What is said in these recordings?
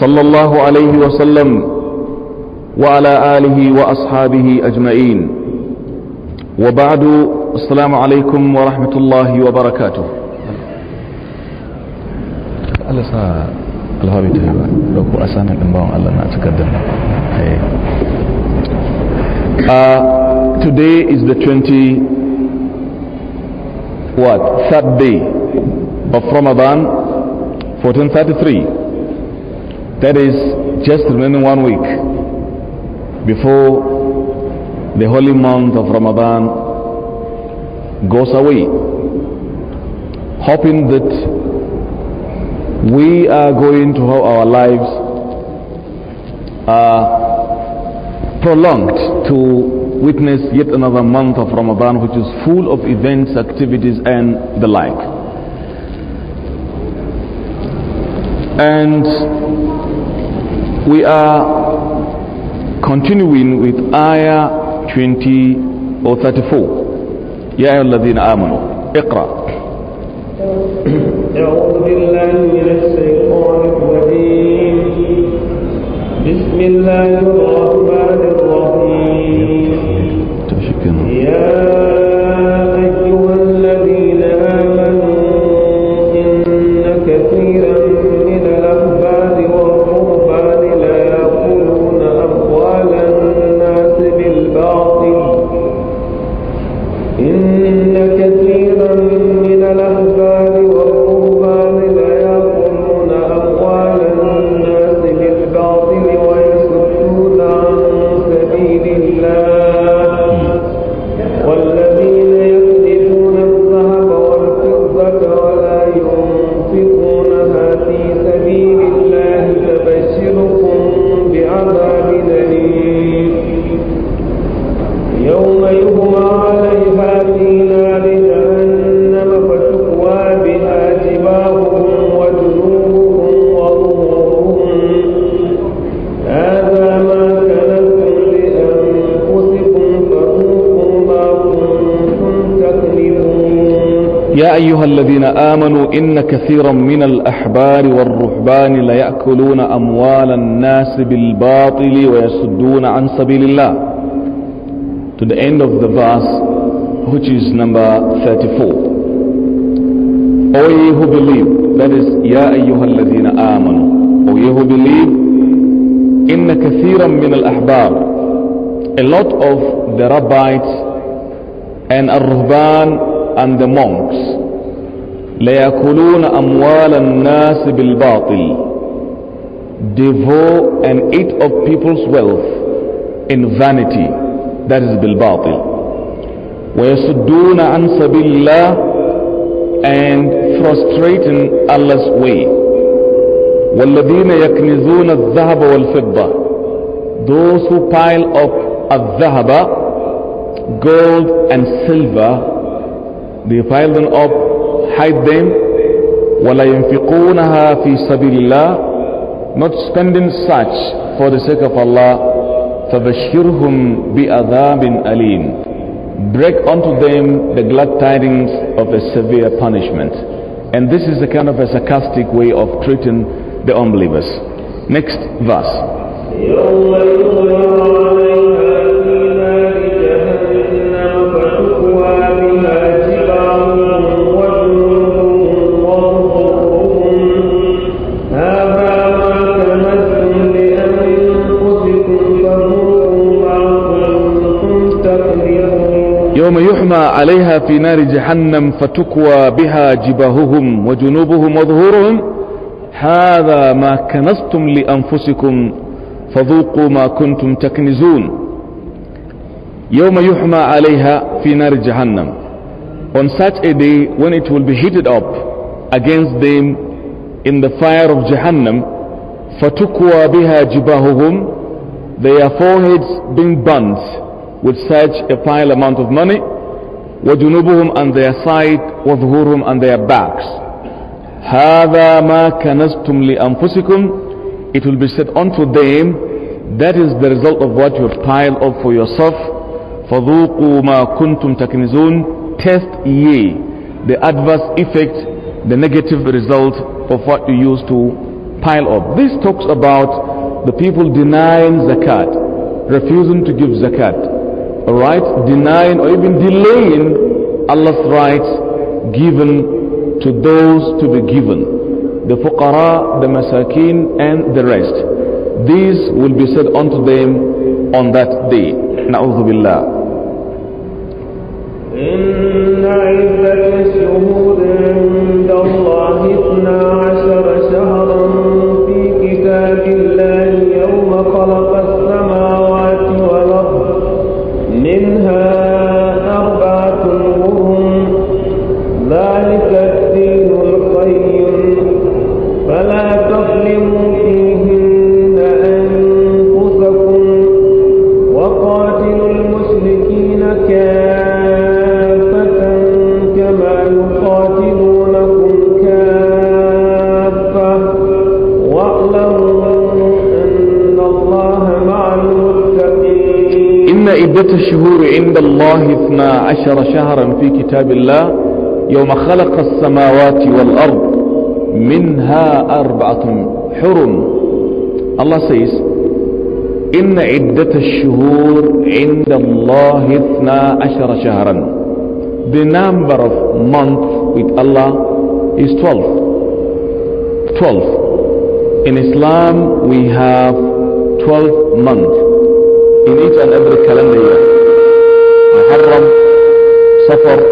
صلى الله عليه وسلم وعلى آله وأصحابه أجمعين وبعد السلام عليكم ورحمة الله وبركاته a samun today is the 20 what third day of Ramadan 1433 That is just remaining one week before the holy month of Ramadan goes away. Hoping that we are going to have our lives uh, prolonged to witness yet another month of Ramadan which is full of events, activities and the like. And we are continuing with ayah 20 or 34. يا أيها الذين آمنوا اقرأ أعوذ بالله من الشيطان الرجيم بسم الله الرحمن الرحيم يا أيها الذين آمنوا إن كثيرا من الأحبار والرهبان ليأكلون أموال الناس بالباطل ويصدون عن سبيل الله to the end of the verse which is number 34 O ye who believe that is يا أيها الذين آمنوا O ye who believe إن كثيرا من الأحبار a lot of the rabbis and الرهبان and the monks ليأكلون أموال الناس بالباطل devour and eat of people's wealth in vanity that is بالباطل ويصدون عن سبيل الله and frustrating Allah's way والذين يكنزون الذهب والفضة those who pile up الذهب gold and silver they pile them up hide them فِي سَبِيلِ اللَّهِ not spending such for the sake of Allah فَبَشِّرْهُمْ بِأَذَابٍ أَلِيمٍ break unto them the glad tidings of a severe punishment and this is a kind of a sarcastic way of treating the unbelievers next verse عليها في نار جهنم فتكوى بها جباههم وجنوبهم وظهورهم هذا ما كنستم لأنفسكم فذوقوا ما كنتم تكنزون يوم يحمى عليها في نار جهنم on such a day when it will be heated up against them in the fire of Jahannam فَتُكْوَى بِهَا جِبَاهُهُمْ their foreheads being burnt with such a pile amount of money وجنوبهم on their side وظهورهم on their backs هذا ما كنزتم لأنفسكم it will be said unto them that is the result of what you have piled up for yourself فذوقوا ما كنتم تكنزون test ye the adverse effect the negative result of what you used to pile up this talks about the people denying zakat refusing to give zakat right denying or even delaying Allah's rights given to those to be given the fuqara the masakin and the rest these will be said unto them on that day na'udhu billah الشهور عند الله اثنا عشر شهرا في كتاب الله يوم خلق السماوات والأرض منها أربعة حرم الله سيس إن عدة الشهور عند الله اثنا عشر شهرا the number of months with Allah is 12 12 in Islam we have 12 months إنيت أن an every calendar محرم سفر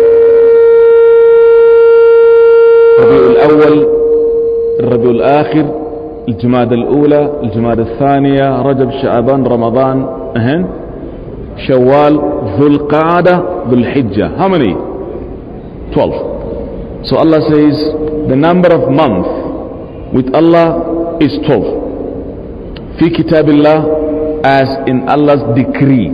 ربيع الأول الربيع الآخر الجماد الأولى الجماد الثانية رجب شعبان رمضان أهن شوال ذو القعدة ذو الحجة how many 12 so Allah says the number of months with Allah is 12 في كتاب الله as in Allah's decree.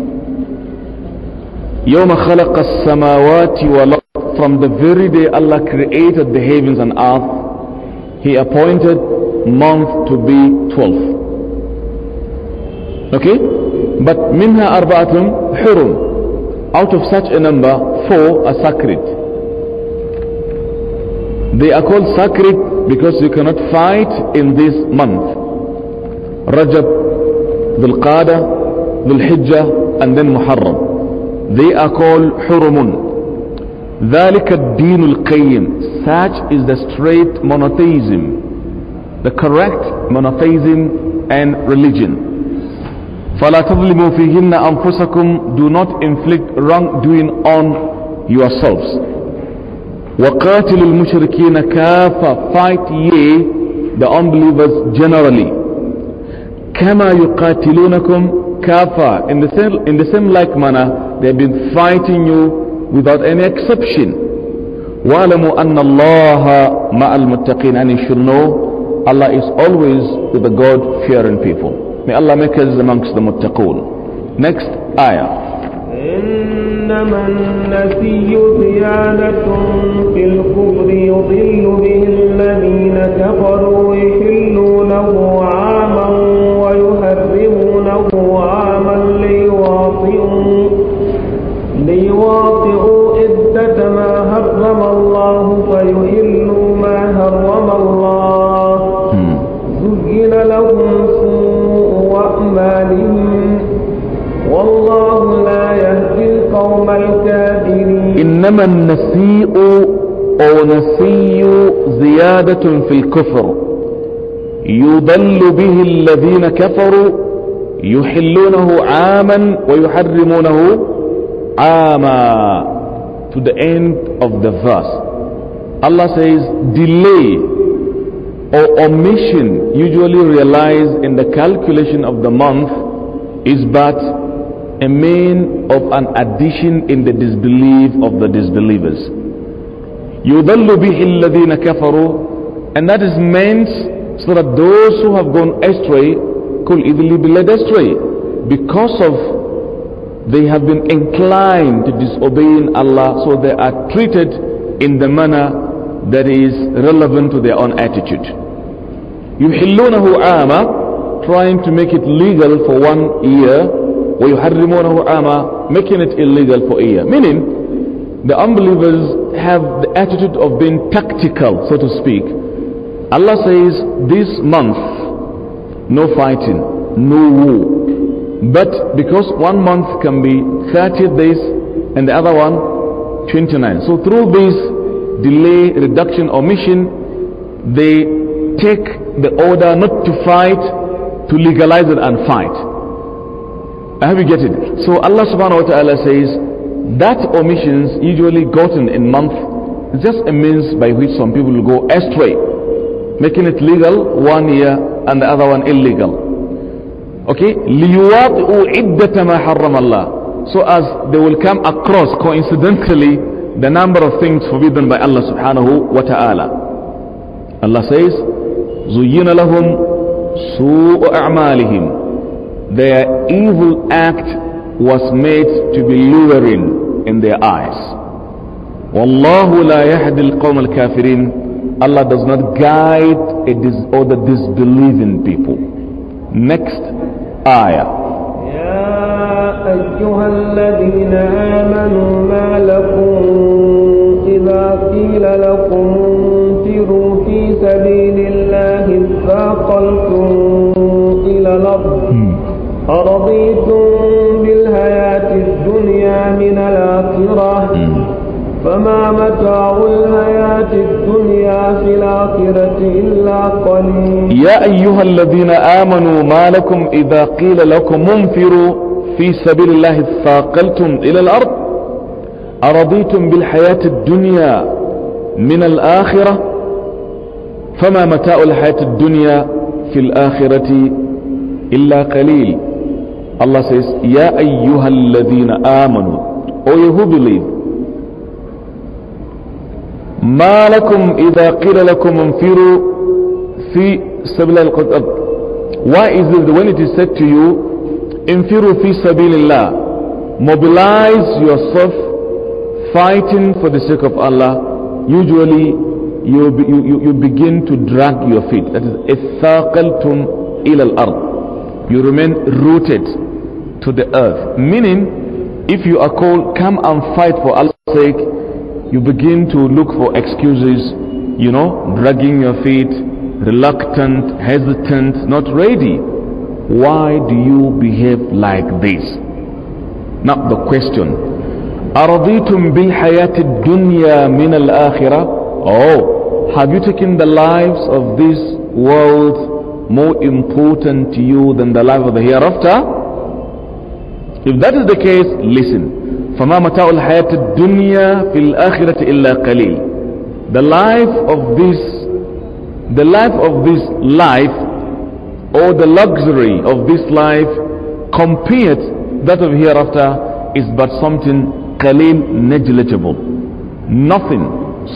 يوم خلق السماوات والأرض From the very day Allah created the heavens and earth, He appointed month to be 12. Okay? But minha arba'atun hurum. Out of such a number, four are sacred. They are called sacred because you cannot fight in this month. Rajab ذو القادة ذو الحجة and then Muharram they are called حرم ذلك الدين القيم such is the straight monotheism the correct monotheism and religion فلا تظلموا فيهن أنفسكم do not inflict wrongdoing on yourselves وقاتل المشركين كافة fight ye the unbelievers generally كما يقاتلونكم كافة in the same in the same like manner they've been fighting you without any exception واعلموا أن الله مع المتقين and you should know Allah is always with the God fearing people may Allah make us amongst the muttaqun next ayah إنما النسي زيادة في الكفر يضل به الذين كفروا يحلونه عاما إنما النسيء أو نسي زيادة في الكفر يضل به الذين كفروا يحلونه عاما ويحرمونه عاما to the end of the verse Allah says delay or omission usually realized in the calculation of the month is but a mean of an addition in the disbelief of the disbelievers. يُضَلُّ بِهِ الَّذِينَ كَفَرُوا And that is meant so that those who have gone astray could easily be led astray because of they have been inclined to disobeying Allah so they are treated in the manner that is relevant to their own attitude. يُحِلُّونَهُ عَامًا Trying to make it legal for one year وَيُحَرِّمُونَهُ عَامًا Making it illegal for a year. Meaning, the unbelievers have the attitude of being tactical, so to speak. Allah says, this month, no fighting, no war. But because one month can be 30 days and the other one 29. So through this delay, reduction, omission, they take the order not to fight, to legalize it and fight. I hope you get it. So Allah subhanahu wa ta'ala says that omissions usually gotten in month is just a means by which some people go astray, making it legal one year and the other one illegal. Okay? لِيُوَاطِئُوا عِدَّةَ مَا حَرَّمَ اللَّهِ So as they will come across coincidentally the number of things forbidden by Allah subhanahu wa ta'ala. Allah says, زُيِّنَ لَهُمْ سُوءُ أَعْمَالِهِمْ their evil act was made to be luring in their eyes. Wallahu la yahdi al-qawm al-kafirin. Allah does not guide a dis- or the disbelieving people. Next ayah. أيها الذين آمنوا ما لكم إذا قيل لكم انفروا في سبيل الله اثاقلتم أرضيتم بالحياة الدنيا من الآخرة فما متاع الحياة الدنيا في الآخرة إلا قليل يا أيها الذين آمنوا ما لكم إذا قيل لكم انفروا في سبيل الله اثاقلتم إلى الأرض أرضيتم بالحياة الدنيا من الآخرة فما متاع الحياة الدنيا في الآخرة إلا قليل Allah says, Ya ayyuhal ladhina amanu, O you who believe, ما لكم إذا قيل لكم انفروا في سبيل القتال Why is it when it is said to you, انفروا fi سبيل mobilize yourself fighting for the sake of Allah, usually you, you, you begin to drag your feet. That is, إثاقلتم إلى الأرض. You remain rooted to the earth. Meaning, if you are called, come and fight for Allah's sake, you begin to look for excuses, you know, dragging your feet, reluctant, hesitant, not ready. Why do you behave like this? Now the question. أرضيتم بالحياة الدنيا من الآخرة Oh, have you taken the lives of this world more important to you than the life of the hereafter? If that is the case, listen. فَمَا مَتَاعُ الْحَيَاةِ الدُّنْيَا فِي الْآخِرَةِ إِلَّا قَلِيلٌ The life of this, the life of this life, or the luxury of this life, compared that of hereafter, is but something قَلِيل negligible. Nothing,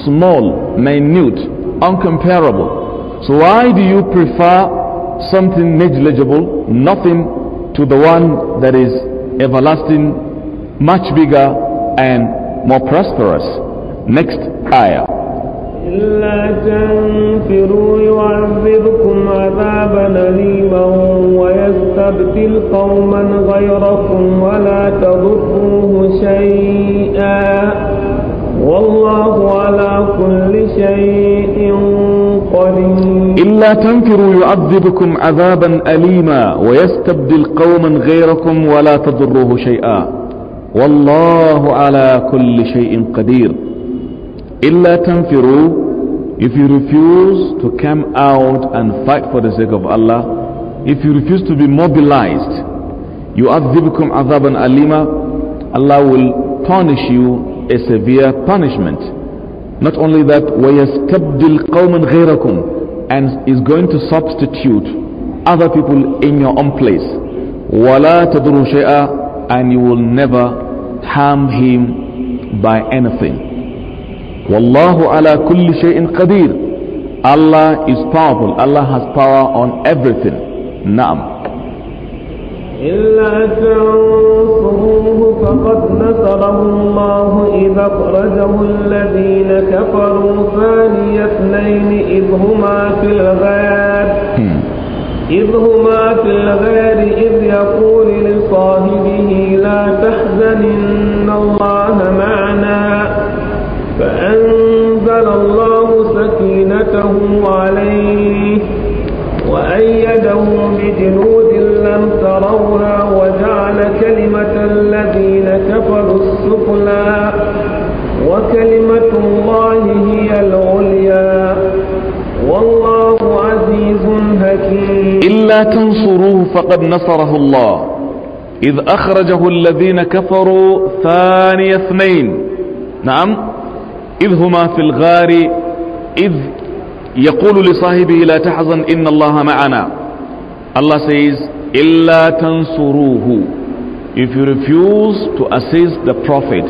small, minute, uncomparable. So why do you prefer something negligible, nothing, to the one that is everlasting, much bigger and more prosperous. Next ayah. إلا تنفروا يعذبكم عذابا أليما ويستبدل قوما غيركم ولا تضروه شيئا والله على كل شيء إلا تنفروا يعذبكم عذابا أليما ويستبدل قوما غيركم ولا تضروه شيئا والله على كل شيء قدير إلا تنفروا if you refuse to come out and fight for the sake of Allah if you refuse to be mobilized يعذبكم عذابا أليما Allah will punish you a severe punishment Not only that, وَيَسْتَبْدِلْ قَوْمًا غَيْرَكُمْ And is going to substitute other people in your own place. وَلَا تَدْرُ شَيْئًا And you will never harm him by anything. وَاللَّهُ عَلَى كُلِّ شَيْءٍ قَدِيرٌ Allah is powerful. Allah has power on everything. Naam. إلا تنصروه فقد نصره الله إذا أخرجه الذين كفروا ثاني اثنين إذ هما في الغار إذ هما في الغار إذ يقول لصاحبه لا تحزن إن الله معنا فأنزل الله سكينته عليه وأيده بجنود لم ترونا وجعل كلمة الذين كفروا السفلى وكلمة الله هي العليا والله عزيز حكيم إلا تنصروه فقد نصره الله إذ أخرجه الذين كفروا ثاني اثنين نعم إذ هما في الغار إذ يقول لصاحبه لا تحزن إن الله معنا الله says illa tansuruhu if you refuse to assist the prophet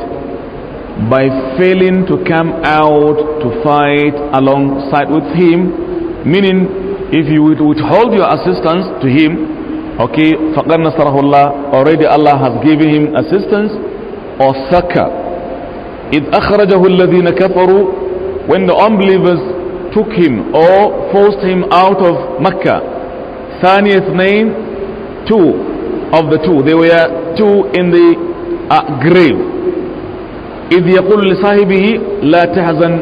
by failing to come out to fight alongside with him meaning if you would withhold your assistance to him okay faqad nasarahullah already Allah has given him assistance or succor id akhrajahu alladhina kafaru when the unbelievers took him or forced him out of Mecca ثاني اثنين two of the two they were two in the uh, grave إذ يقول لصاحبه لا تحزن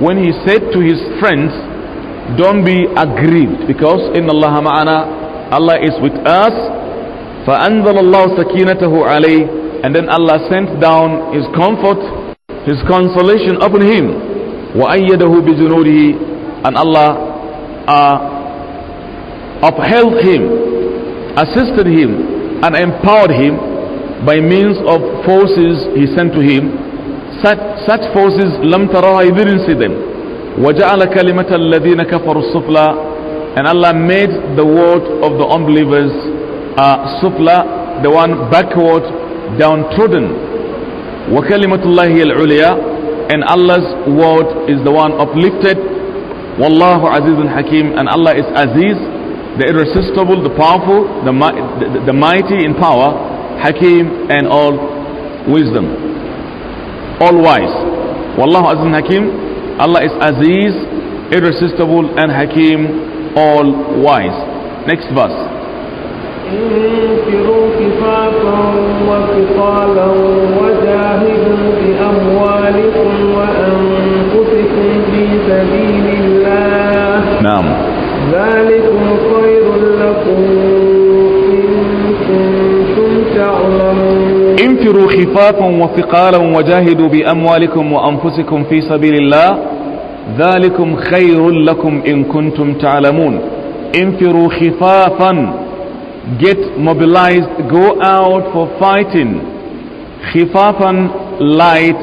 when he said to his friends don't be aggrieved because إن الله معنا Allah is with us فأنزل الله سكينته عليه and then Allah sent down his comfort his consolation upon him وأيده بجنوده and Allah uh, upheld him assisted him and empowered him by means of forces he sent to him such, such forces lam taraha he didn't see them وَجَعَلَ كَلِمَةَ الَّذِينَ كَفَرُوا السُّفْلَى and Allah made the word of the unbelievers uh, sufla the one backward downtrodden وَكَلِمَةُ اللَّهِ الْعُلِيَا and Allah's word is the one uplifted وَاللَّهُ عَزِيزٌ حَكِيمٌ and Allah is Aziz the irresistible, the powerful, the, the, the mighty in power, Hakim and all wisdom, all wise. Wallahu Aziz Hakim, Allah is Aziz, irresistible and Hakim, all wise. Next verse. انفروا وجاهدوا بأموالكم وأنفسكم في سبيل الله نعم ذلك انفروا خفافا وثقالا وجاهدوا بأموالكم وأنفسكم في سبيل الله ذلكم خير لكم إن كنتم تعلمون انفروا خفافا get mobilized go out for fighting خفافا light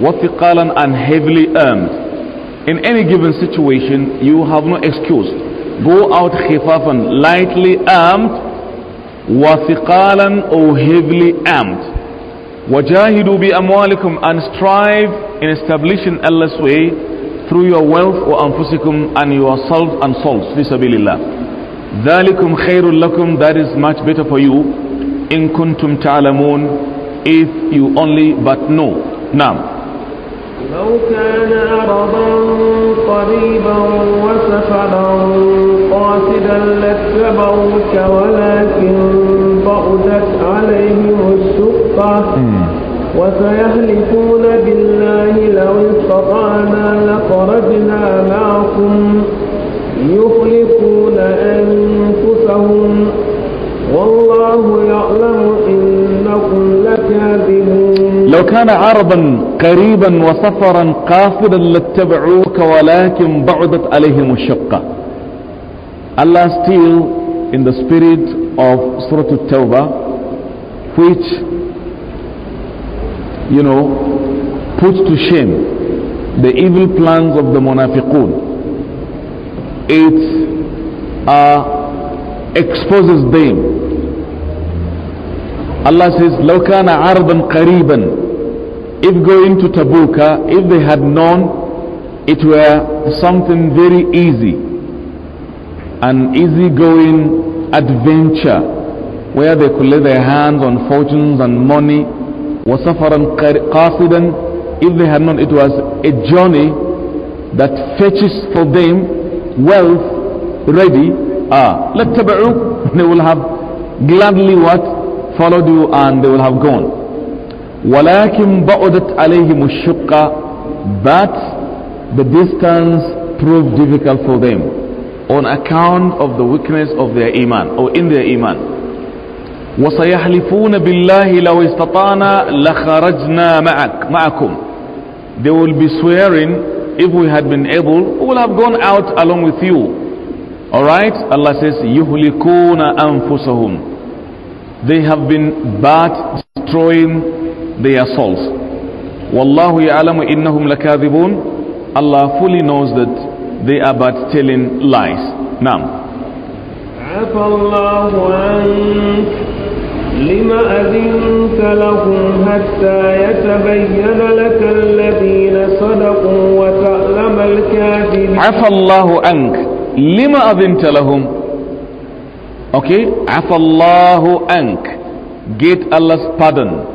وثقالا and heavily armed in any given situation you have no excuse go out خفافا lightly armed وثقالا or heavily armed وَجَاهِدُوا بِأَمْوَالِكُمْ and strive in establishing Allah's way through your wealth or amfusikum and yourself and souls fi sabilillah ذَلِكُمْ خَيْرٌ لَكُمْ that is much better for you in kuntum ta'lamun if you only but know now لو كان قريبا وسفرا قاصدا لاتبعوك ولكن بعدت عليهم الشقة وسيحلفون بالله لو استطعنا لخرجنا معكم يخلفون أنفسهم والله يعلم إنكم لكاذبون لو كان عرضا قريبا وسفرا قاصدا لاتبعوك ولكن بعدت عليهم الشقة Allah still in the spirit of Surah At-Tawbah which you know, put to shame the evil plans of the munafiqun. It uh, exposes them. Allah says, Lokana كان عرضا If going to Tabuka, if they had known, it were something very easy, an easy-going adventure where they could lay their hands on fortunes and money وَسَفَرًا qasidan? If they had known it was a journey that fetches for them wealth ready, ah, لَتَّبَعُوا They will have gladly what? Followed you and they will have gone. ولكن بعدت عليهم الشقة but the distance proved difficult for them on account of the weakness of their iman or in their iman وَسَيَحْلِفُونَ بِاللَّهِ لَوْ إِسْتَطَعْنَا لَخَرَجْنَا مَعَكْ مَعَكُمْ They will be swearing, if we had been able, we will have gone out along with you. Alright? Allah says, يُهْلِكُونَ أَنفُسَهُمْ They have been bad, destroying their souls. وَاللَّهُ يَعْلَمُ إِنَّهُمْ لَكَاذِبُونَ Allah fully knows that they are but telling lies. Now. عفى الله عنك لم أذنت لهم حتى يتبين لك الذين صدقوا وتعلم الكاذبين عفى الله عنك لم أذنت لهم Okay, عفى الله عنك Get Allah's pardon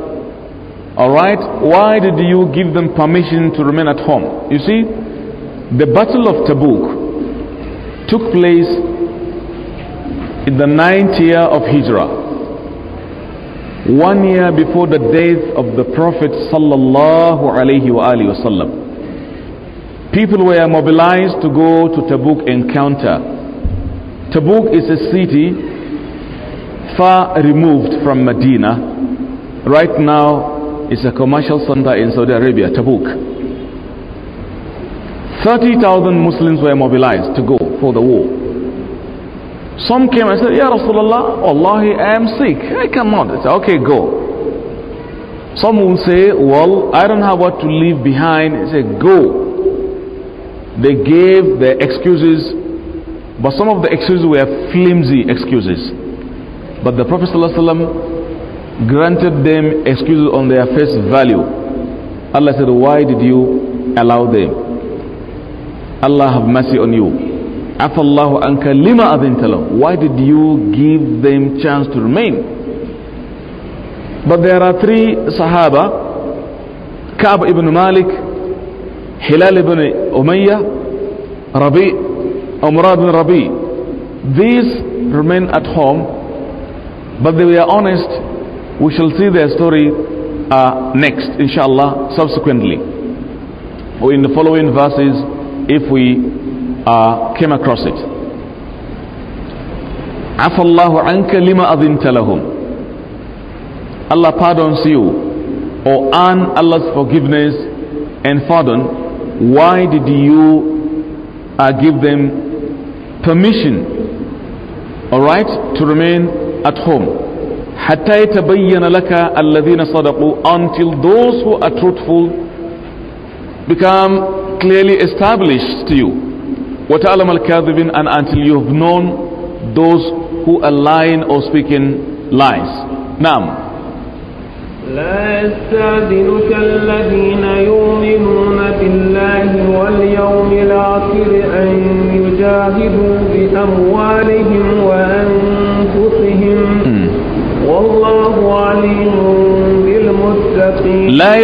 Alright, why did you give them permission to remain at home? You see, the Battle of Tabuk took place in the ninth year of Hijrah one year before the death of the Prophet sallallahu alaihi wasallam. People were mobilized to go to Tabuk encounter. Tabuk is a city far removed from Medina. Right now, it's a commercial center in Saudi Arabia, Tabuk. 30,000 Muslims were mobilized to go for the war. Some came and said, Ya Rasulullah, Wallahi, I am sick. I cannot. I said, okay, go. Some will say, Well, I don't have what to leave behind. I said, Go. They gave their excuses, but some of the excuses were flimsy excuses. But the Prophet ﷺ granted them excuses on their face value. Allah said, Why did you allow them? Allah have mercy on you. Afallahu anka lima adintalam. Why did you give them chance to remain? But there are three Sahaba, Ka'b ibn Malik, Hilal ibn Umayyah, Rabi, Umrah ibn Rabi. These remain at home, but they were honest. We shall see their story uh, next, inshallah, subsequently, or in the following verses, if we uh, came across it. Afallahu anka lima adhinta Allah pardons you or earn Allah's forgiveness and pardon. Why did you uh, give them permission, all right, to remain at home? until those who are truthful become clearly established to you وَتَعْلَمَ الْكَاذِبِينَ And until you have known those who are lying or speaking lies. Now, لا يستأذنك الذين يؤمنون بالله واليوم الآخر أن يجاهدوا بأموالهم وأنفسهم والله عليم لا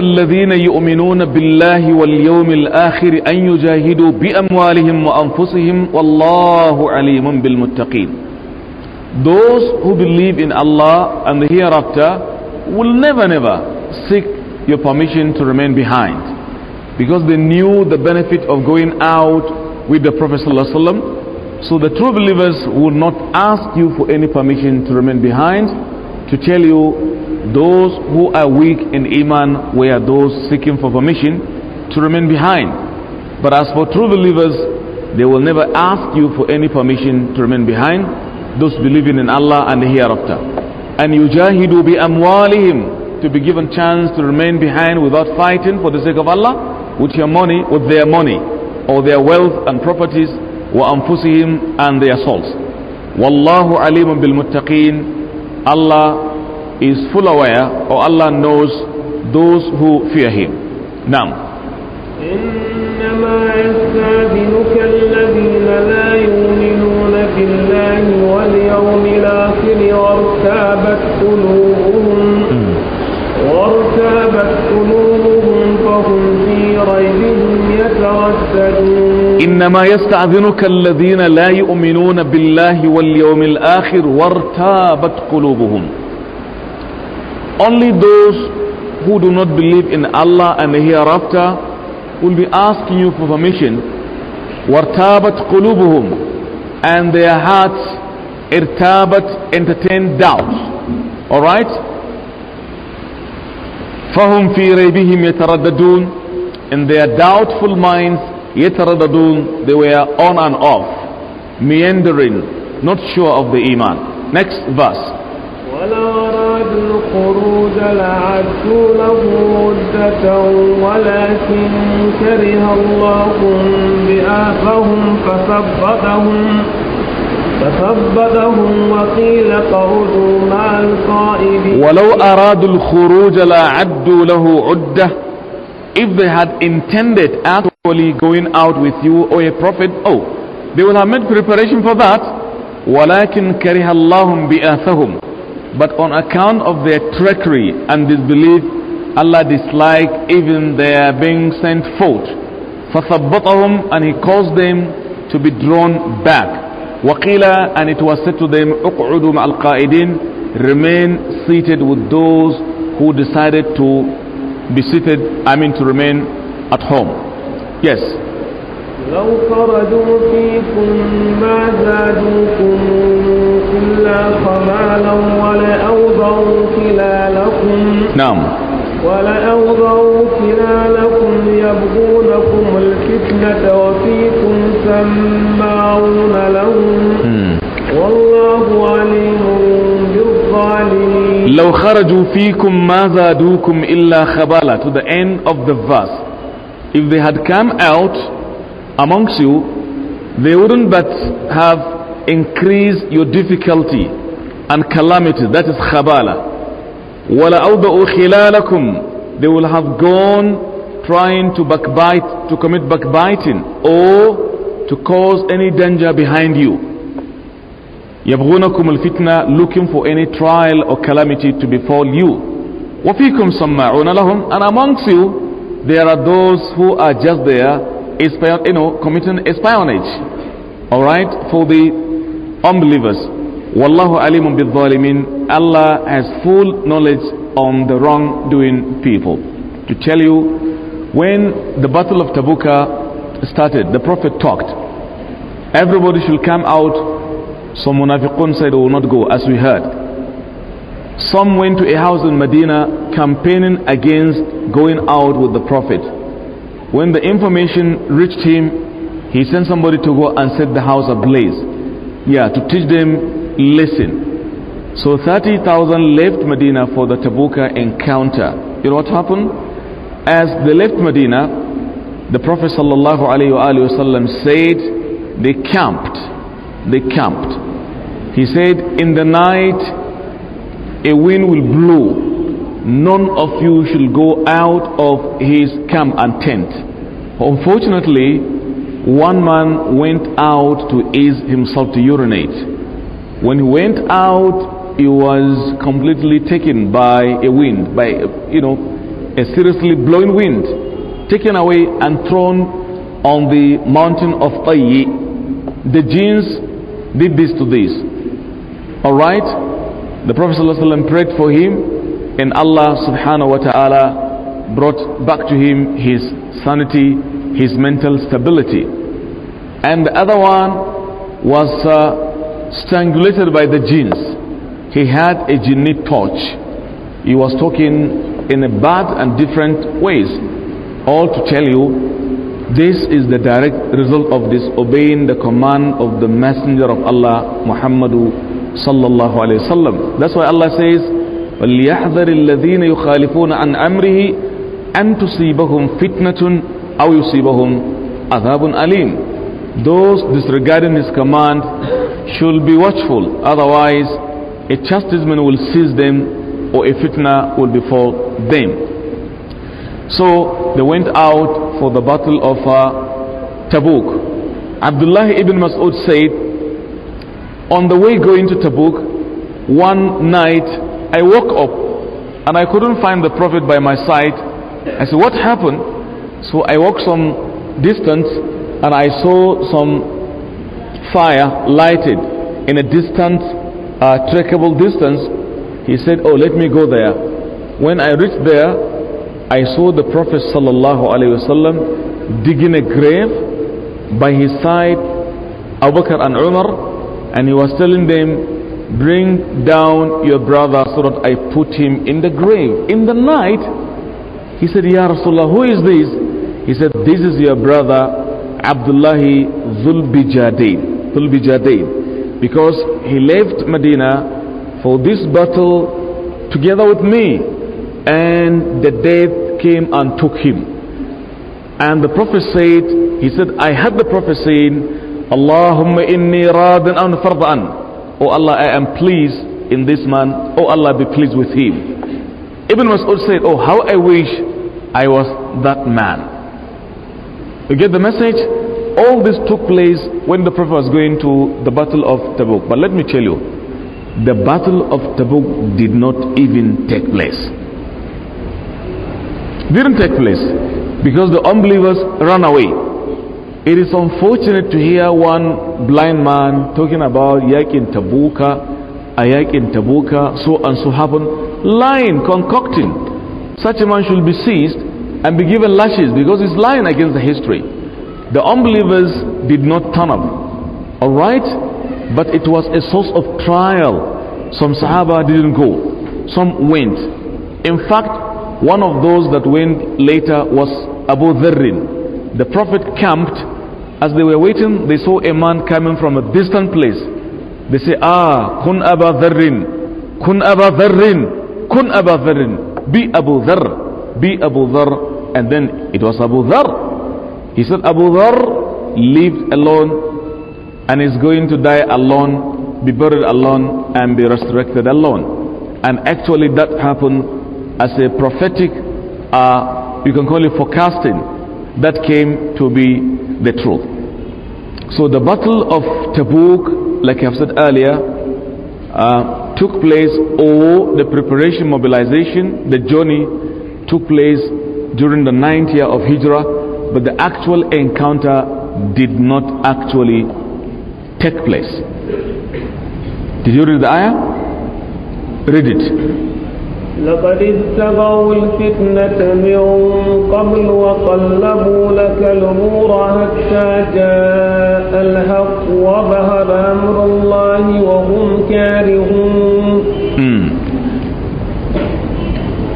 الذين يؤمنون بالله واليوم الآخر أن يجاهدوا بأموالهم وأنفسهم والله عليم بالمتقين Those who believe in Allah and the hereafter will never never seek your permission to remain behind because they knew the benefit of going out with the Prophet ﷺ so the true believers will not ask you for any permission to remain behind to tell you those who are weak in Iman were those seeking for permission to remain behind. But as for true believers, they will never ask you for any permission to remain behind. Those believing in Allah and the hereafter. And yujahidu bi amwalihim to be given chance to remain behind without fighting for the sake of Allah with your money, with their money, or their wealth and properties, wa anfusihim and their souls. Wallahu alimun bil Allah is full aware or Allah knows those who fear him. Now. إنما يستعذنك الذين لا يؤمنون بالله واليوم الآخر وارتابت قلوبهم وارتابت قلوبهم فهم في ريبهم إنما يستأذنك الذين لا يؤمنون بالله واليوم الآخر وارتابت قلوبهم Only those who do not believe in Allah and the hereafter will be asking you for permission. وَارْتَابَتْ قُلُوبُهُمْ And their hearts irtabat entertain doubts. Alright? فهم في ريبهم يترددون in their doubtful minds يترددون they were on and off meandering not sure of the iman next verse الخروج لعدوا له مدة ولكن كره الله بآخهم فثبتهم فثبتهم وقيل اقعدوا مع القائدين ولو أرادوا الخروج لعدوا له عدة if they had intended actually going out with you or a prophet oh they would have made preparation for that ولكن كره الله بآثهم But on account of their treachery and disbelief, Allah disliked even their being sent forth. فَثَبَّطَهُمْ And He caused them to be drawn back. وَقِيلَ And it was said to them, اُقْعُدُوا مَعَ الْقَائِدِينَ Remain seated with those who decided to be seated, I mean to remain at home. Yes. لو خرجوا فيكم ما زادوكم إلا خبالا ولأوضعوا خلالكم نعم ولأوضعوا خلالكم يبغونكم الفتنة وفيكم سماعون لهم والله عليم بالظالمين لو خرجوا فيكم ما زادوكم إلا خبالا to the end of the verse if they had come out amongst you they wouldn't but have increase your difficulty and calamity. That is khabala. خِلَالَكُمْ They will have gone trying to backbite, to commit backbiting or to cause any danger behind you. يَبْغُونَكُمُ الْفِتْنَةِ Looking for any trial or calamity to befall you. وَفِيكُمْ سَمَّعُونَ لَهُمْ And amongst you, there are those who are just there, you know, committing espionage. All right? For the unbelievers. Wallahu alimun bil Allah has full knowledge on the wrongdoing people. To tell you, when the battle of Tabuka started, the Prophet talked. Everybody should come out. Some munafiqun said, will not go, as we heard. Some went to a house in Medina campaigning against going out with the Prophet. When the information reached him, he sent somebody to go and set the house ablaze yeah to teach them lesson so 30,000 left Medina for the Tabuka encounter you know what happened as they left Medina the Prophet sallallahu alaihi wasallam said they camped they camped he said in the night a wind will blow none of you shall go out of his camp and tent unfortunately one man went out to ease himself to urinate. When he went out, he was completely taken by a wind, by, you know, a seriously blowing wind, taken away and thrown on the mountain of Tayyi. The jinns did this to this. Alright? The Prophet ﷺ prayed for him, and Allah subhanahu wa ta'ala brought back to him his sanity, his mental stability and the other one was uh, strangulated by the jeans. He had a jinni torch. He was talking in a bad and different ways. All to tell you, this is the direct result of disobeying the command of the Messenger of Allah, Muhammadu sallallahu alayhi wasallam. That's why Allah says, وَلْيَحْذَرِ الَّذِينَ يُخَالِفُونَ عَنْ أَمْرِهِ أَن تُصِيبَهُمْ فِتْنَةٌ أَوْ يُصِيبَهُمْ عَذَابٌ أَلِيمٌ those disregarding his command should be watchful otherwise a chastisement will seize them or a fitna will befall them so they went out for the battle of uh, tabuk abdullah ibn mas'ud said on the way going to tabuk one night i woke up and i couldn't find the prophet by my side i said what happened so i walked some distance and I saw some fire lighted in a distant, uh, trackable distance. He said, Oh, let me go there. When I reached there, I saw the Prophet ﷺ digging a grave by his side, Abu Bakr and Umar, and he was telling them, Bring down your brother so that I put him in the grave. In the night, he said, Ya Rasulullah, who is this? He said, This is your brother Abdullah Zulbijadain, Zulbijadain because he left Medina for this battle together with me and the death came and took him. And the prophet said, he said, I had the prophet saying, Allahumma inni radan an farda'an. Oh Allah, I am pleased in this man. Oh Allah, be pleased with him. Ibn Mas'ud said, Oh, how I wish I was that man. You get the message? All this took place when the Prophet was going to the Battle of Tabuk. But let me tell you, the Battle of Tabuk did not even take place. Didn't take place because the unbelievers ran away. It is unfortunate to hear one blind man talking about in Tabuka, a in Tabuka, so and so happened, lying, concocting. Such a man should be seized and be given lashes because it's lying against the history. The unbelievers did not turn up. All right? But it was a source of trial. Some Sahaba didn't go, some went. In fact, one of those that went later was Abu Dharrin. The Prophet camped. As they were waiting, they saw a man coming from a distant place. They say, Ah, Kun Abu Dharrin, Kun Abu Dharrin, Kun Abu Dharrin, be Abu Dharr be Abu Dhar. And then it was Abu Dhar. He said, Abu Dhar lived alone and is going to die alone, be buried alone, and be resurrected alone. And actually, that happened as a prophetic, uh, you can call it forecasting, that came to be the truth. So the battle of Tabuk, like I've said earlier, uh, took place or the preparation, mobilization, the journey took place during the ninth year of Hijrah, but the actual encounter did not actually take place. Did you read the ayah? Read it. لقد الفتنة من قبل وقلبوا لك الأمور حتى جاء الحق وظهر أمر الله وهم كارهون hmm.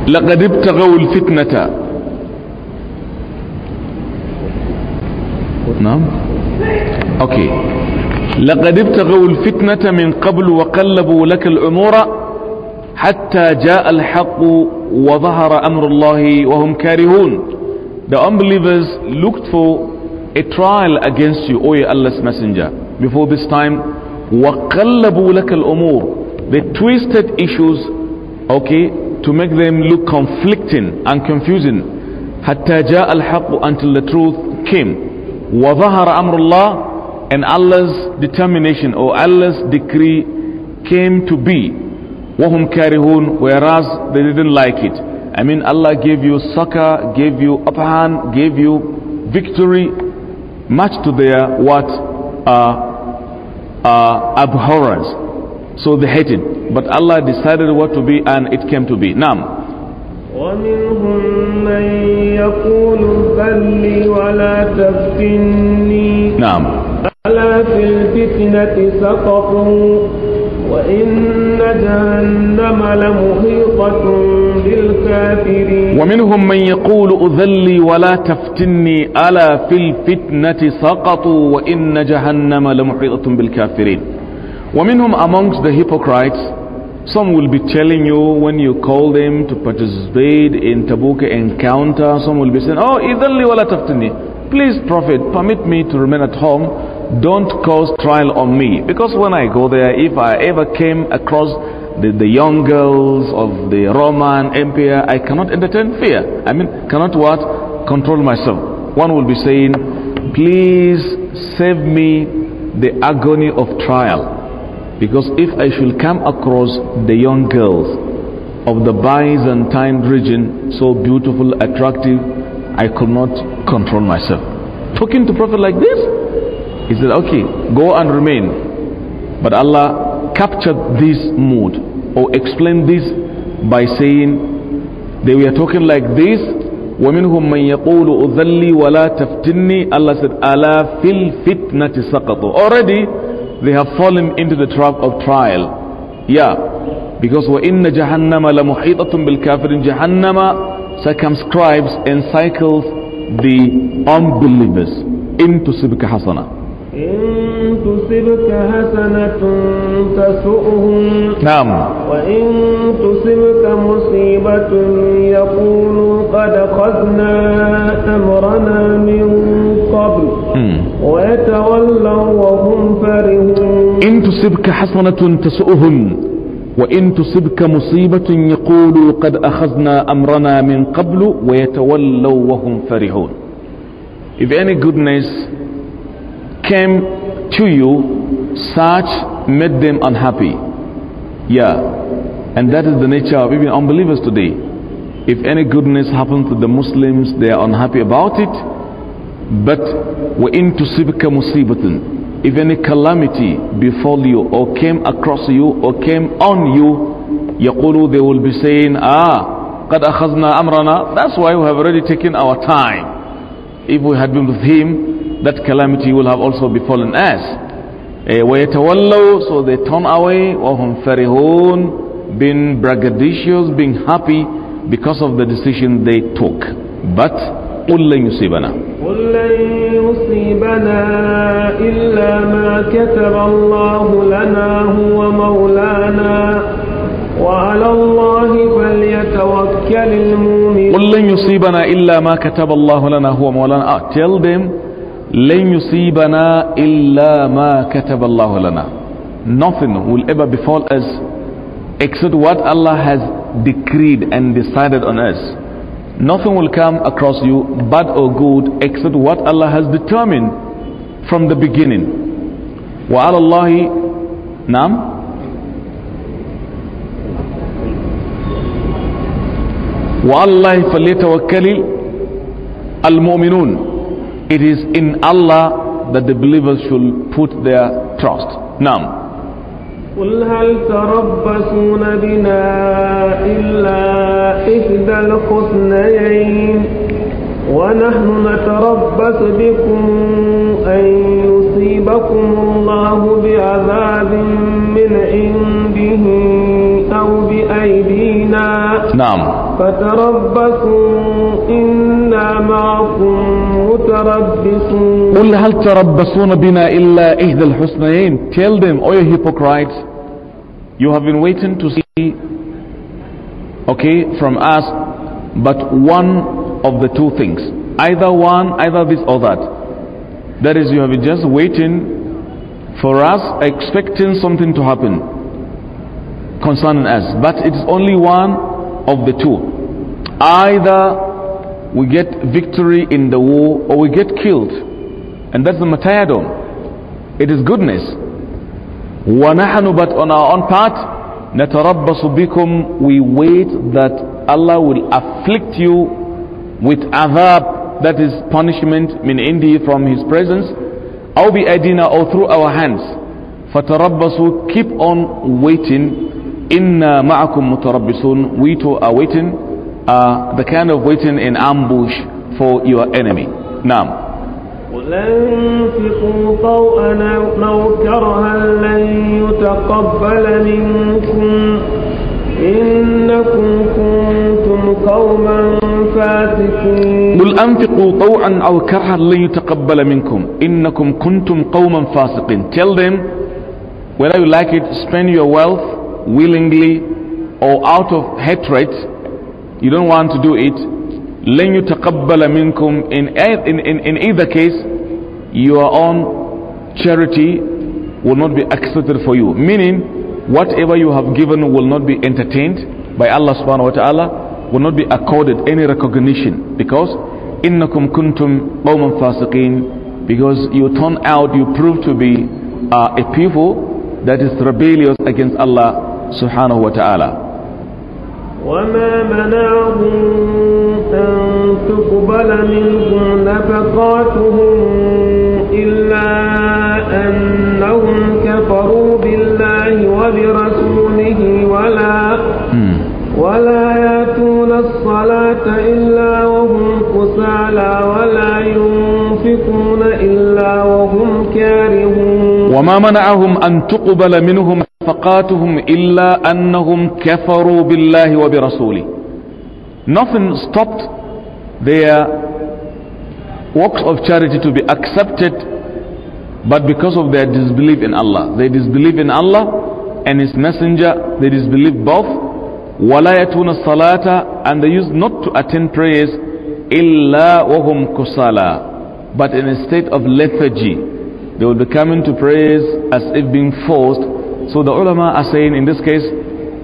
لقد ابتغوا الفتنة نعم أوكي لقد ابتغوا الفتنة من قبل وقلبوا لك الأمور حتى جاء الحق وظهر أمر الله وهم كارهون The unbelievers looked for a trial against you, O Allah's messenger. Before this time, وَقَلَّبُوا لَكَ الْأُمُورِ They twisted issues, okay, to make them look conflicting and confusing حتى al الحق until the truth came وظهر أمر Allah and Allah's determination or Allah's decree came to be وهم karihun whereas they didn't like it I mean Allah gave you succor gave you upper hand gave you victory much to their what uh, uh, abhorrence so they hated but Allah decided what to be and it came to be نعم ومنهم من يقول ذلي ولا تفتني نعم ألا في الفتنة سقطوا وإن جهنم لمحيطة بالكافرين ومنهم من يقول أذلي ولا تفتني ألا في الفتنة سقطوا وإن جهنم لمحيطة بالكافرين وَمِنْهُمْ amongst the hypocrites some will be telling you when you call them to participate in Tabuk encounter, some will be saying, Oh, idalli wala taftini. Please, Prophet, permit me to remain at home. Don't cause trial on me. Because when I go there, if I ever came across the, the young girls of the Roman Empire, I cannot entertain fear. I mean, cannot what? Control myself. One will be saying, Please save me the agony of trial. Because if I should come across the young girls of the Byzantine region, so beautiful, attractive, I could not control myself. Talking to Prophet like this, he said, okay, go and remain. But Allah captured this mood or explained this by saying, they were talking like this, ومنهم من يقول أذلي ولا تفتني Allah said ألا في الفتنة سقطوا already they have fallen into the trap of trial. Yeah, because وَإِنَّ جَهَنَّمَ لَمُحِيطَةٌ بِالْكَافِرِينَ Jahannama circumscribes and cycles the unbelievers into سِبْكَ حَسَنَةً إن تصبك حسنة تسؤهم نعم وإن تصبك مصيبة يَقُولُ قد أخذنا أمرنا من قبل ويتولوا وهم إن تصبك حسنة تسؤهم وإن تصبك مصيبة يقولوا قد أخذنا أمرنا من قبل ويتولوا وهم فرحون If any goodness came to you, such made them unhappy. Yeah, and that is the nature of even unbelievers today. If any goodness happens to the Muslims, they are unhappy about it. But to تُصِبْكَ مُصِيبَةٌ If any calamity befall you or came across you or came on you, yaqulu They will be saying, Ah, قَدْ أَخَذْنَا That's why we have already taken our time. If we had been with him, that calamity will have also befallen us. Eh, so they turn away, وَهُمْ فَرِهُونَ Being braggadocious, being happy because of the decision they took. But قل لن يصيبنا قل لن يصيبنا إلا ما كتب الله لنا هو مولانا وعلى الله فليتوكل المؤمنون قل لن يصيبنا إلا ما كتب الله لنا هو مولانا آه. tell them لن يصيبنا إلا ما كتب الله لنا nothing will ever befall us except what Allah has decreed and decided on us Nothing will come across you, bad or good, except what Allah has determined from the beginning. وَعَلَى اللَّهِ نَعْمُ وعلى الله Al Mu'minun. it is in Allah that the believers should put their trust Nam. قل هل تربصون بنا إلا إحدى الحسنيين ونحن نتربص بكم أن يصيبكم الله بعذاب من عنده أو بأيدينا نعم فتربصوا إنا معكم متربصون قل هل تربصون بنا إلا إحدى Tell them, O you hypocrites, you have been waiting to see, okay, from us, but one of the two things. Either one, either this or that. That is, you have been just waiting for us, expecting something to happen concerning us. But it's only one of the two. Either we get victory in the war or we get killed. And that's the matayadon. It is goodness. وَنَحَنُ But on our own part, نَتَرَبَّصُ بِكُمْ We wait that Allah will afflict you with adab, that is punishment, min indi from His presence, أو بأيدينا or through our hands. فَتَرَبَّصُ Keep on waiting inna ma'akum mutarabbisun we too are waiting uh, the kind of waiting in ambush for your enemy نعم قل أنفقوا طوعا أو كرها لن يتقبل منكم إنكم كنتم قوما فاسقين tell them whether you like it spend your wealth willingly or out of hatred, you don't want to do it, لن يتقبل منكم in, in, in, in either case, your own charity will not be accepted for you. Meaning, whatever you have given will not be entertained by Allah subhanahu wa ta'ala, will not be accorded any recognition because innakum kuntum qawman fasiqeen because you turn out, you prove to be uh, a people that is rebellious against Allah سبحانه وتعالى وما منعهم أن تقبل منهم نفقاتهم إلا أنهم كفروا بالله وبرسوله ولا ولا يأتون الصلاة إلا وهم كسالى ولا ينفقون إلا وهم كارهون وما منعهم أن تقبل منهم فقاتهم إلا أنهم كفروا بالله وبرسوله nothing stopped their works of charity to be accepted but because of their disbelief in Allah they disbelieve in Allah and his messenger they disbelieve both ولا يأتون الصلاة and they used not to attend prayers إلا وهم كسالى but in a state of lethargy they will be coming to prayers as if being forced so the ulama are saying in this case,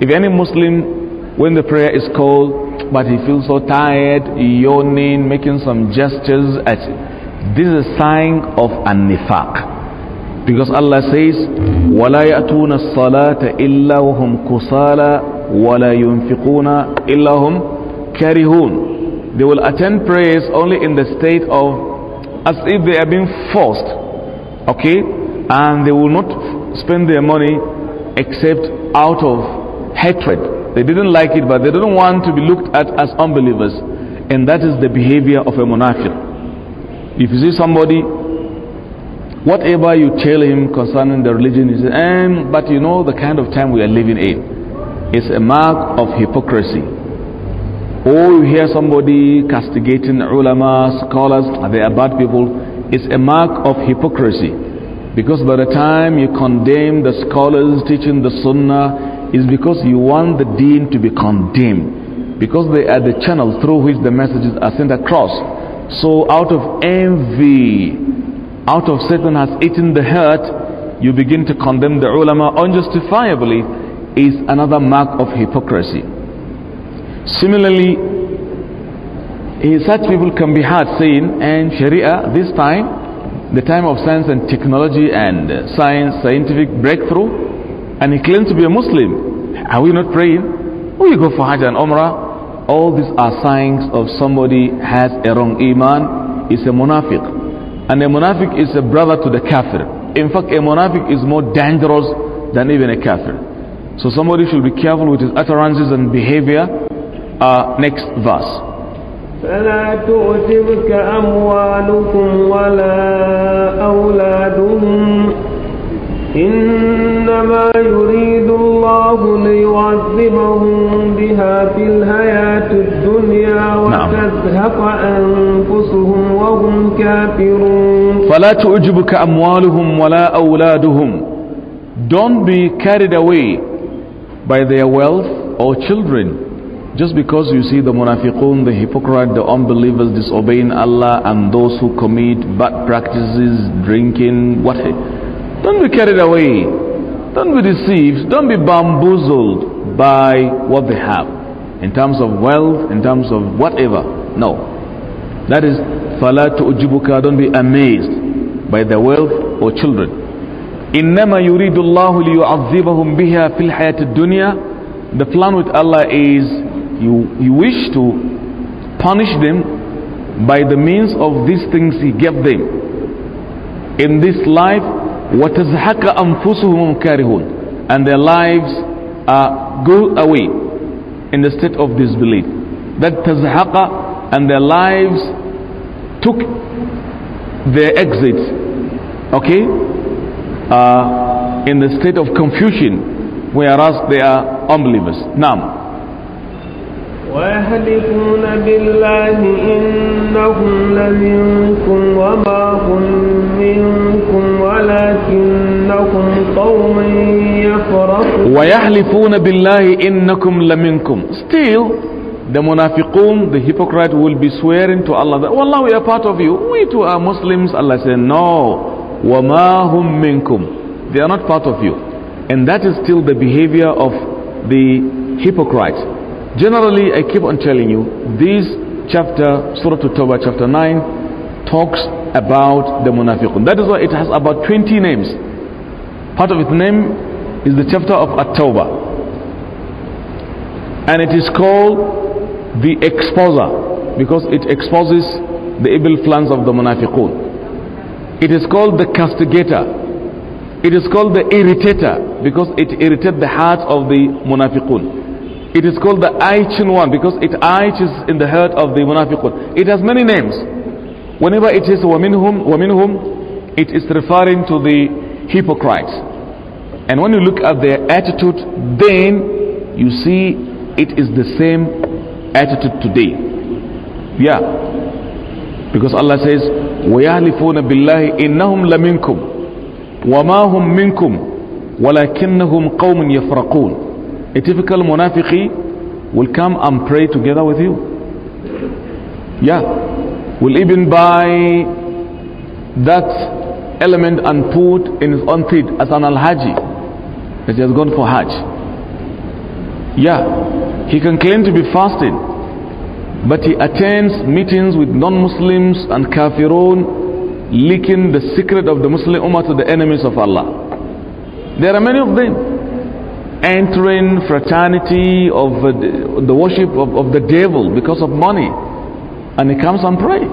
if any Muslim, when the prayer is called, but he feels so tired, yawning, making some gestures, this is a sign of an nifaq. Because Allah says, وَلَا يَأْتُونَ الصَّلَاةَ إِلَّا وَهُمْ كُسَالَى وَلَا يُنْفِقُونَ إِلَّا هُمْ كَرِهُونَ They will attend prayers only in the state of as if they are being forced. Okay? And they will not spend their money except out of hatred. They didn't like it, but they didn't want to be looked at as unbelievers. And that is the behavior of a monarch. If you see somebody, whatever you tell him concerning the religion, he says, um, but you know the kind of time we are living in. It's a mark of hypocrisy. Or you hear somebody castigating ulama, scholars, they are bad people. It's a mark of hypocrisy. Because by the time you condemn the scholars teaching the sunnah, is because you want the deen to be condemned. Because they are the channels through which the messages are sent across. So out of envy, out of Satan has eaten the heart, you begin to condemn the ulama unjustifiably is another mark of hypocrisy. Similarly, eh, such people can be hard saying, and Sharia this time the time of science and technology and science, scientific breakthrough, and he claims to be a Muslim. Are we not praying? We go for Hajj and Umrah. All these are signs of somebody has a wrong iman, is a munafiq. And a munafiq is a brother to the kafir. In fact, a munafiq is more dangerous than even a kafir. So somebody should be careful with his utterances and behavior. Uh, next verse. فلا تؤتبك أموالكم ولا أولادهم إنما يريد الله ليعذبهم بها في الحياة الدنيا وتزهق أنفسهم وهم كافرون فلا تعجبك أموالهم ولا أولادهم Don't be carried away by their wealth or children Just because you see the munafiqun, the hypocrite, the unbelievers disobeying Allah and those who commit bad practices, drinking, what? Don't be carried away. Don't be deceived. Don't be bamboozled by what they have in terms of wealth, in terms of whatever. No. That is, فَلَا تُعْجِبُكَ Don't be amazed by their wealth or children. إِنَّمَا يُرِيدُ اللَّهُ لِيُعَذِّبَهُمْ بِهَا فِي الْحَيَاةِ dunya. The plan with Allah is you, you wish to punish them by the means of these things he gave them in this life وَتَزْحَكَ أَنفُسُهُمْ كَارِهُونَ and their lives uh, go away in the state of disbelief that تزحق and their lives took their exit okay uh, in the state of confusion whereas they are unbelievers now ويحلفون بالله إنهم لمنكم وما هم منكم ولكنهم قوم يفرقون ويحلفون بالله إنكم لمنكم still the munafiqun, the hypocrite will be swearing to Allah that, Wallah, we are part of you. We too are Muslims. Allah said, no. وَمَا هُمْ مِنْكُمْ They are not part of you. And that is still the behavior of the hypocrite. Generally, I keep on telling you, this chapter, Surah At-Tawbah, chapter 9, talks about the munafiqun. That is why it has about 20 names. Part of its name is the chapter of At-Tawbah. And it is called the exposer because it exposes the evil plans of the munafiqun. It is called the castigator it is called the irritator because it irritates the heart of the munafiqun. It is called the Aichin one because it Aich is in the heart of the Munafiqun. It has many names. Whenever it is Waminhum, Waminhum, it is referring to the hypocrites. And when you look at their attitude, then you see it is the same attitude today. Yeah. Because Allah says, وَيَحْلِفُونَ بِاللَّهِ إِنَّهُمْ لَمِنْكُمْ وَمَا هُمْ مِنْكُمْ وَلَكِنَّهُمْ قَوْمٌ يَفْرَقُونَ a typical munafiqi will come and pray together with you. Yeah. Will even buy that element and put in his own teeth as an al-haji. As he has gone for hajj. Yeah. He can claim to be fasting. But he attends meetings with non-Muslims and kafirun leaking the secret of the Muslim Ummah to the enemies of Allah. There are many of them entering fraternity of uh, the worship of, of the devil because of money and he comes and pray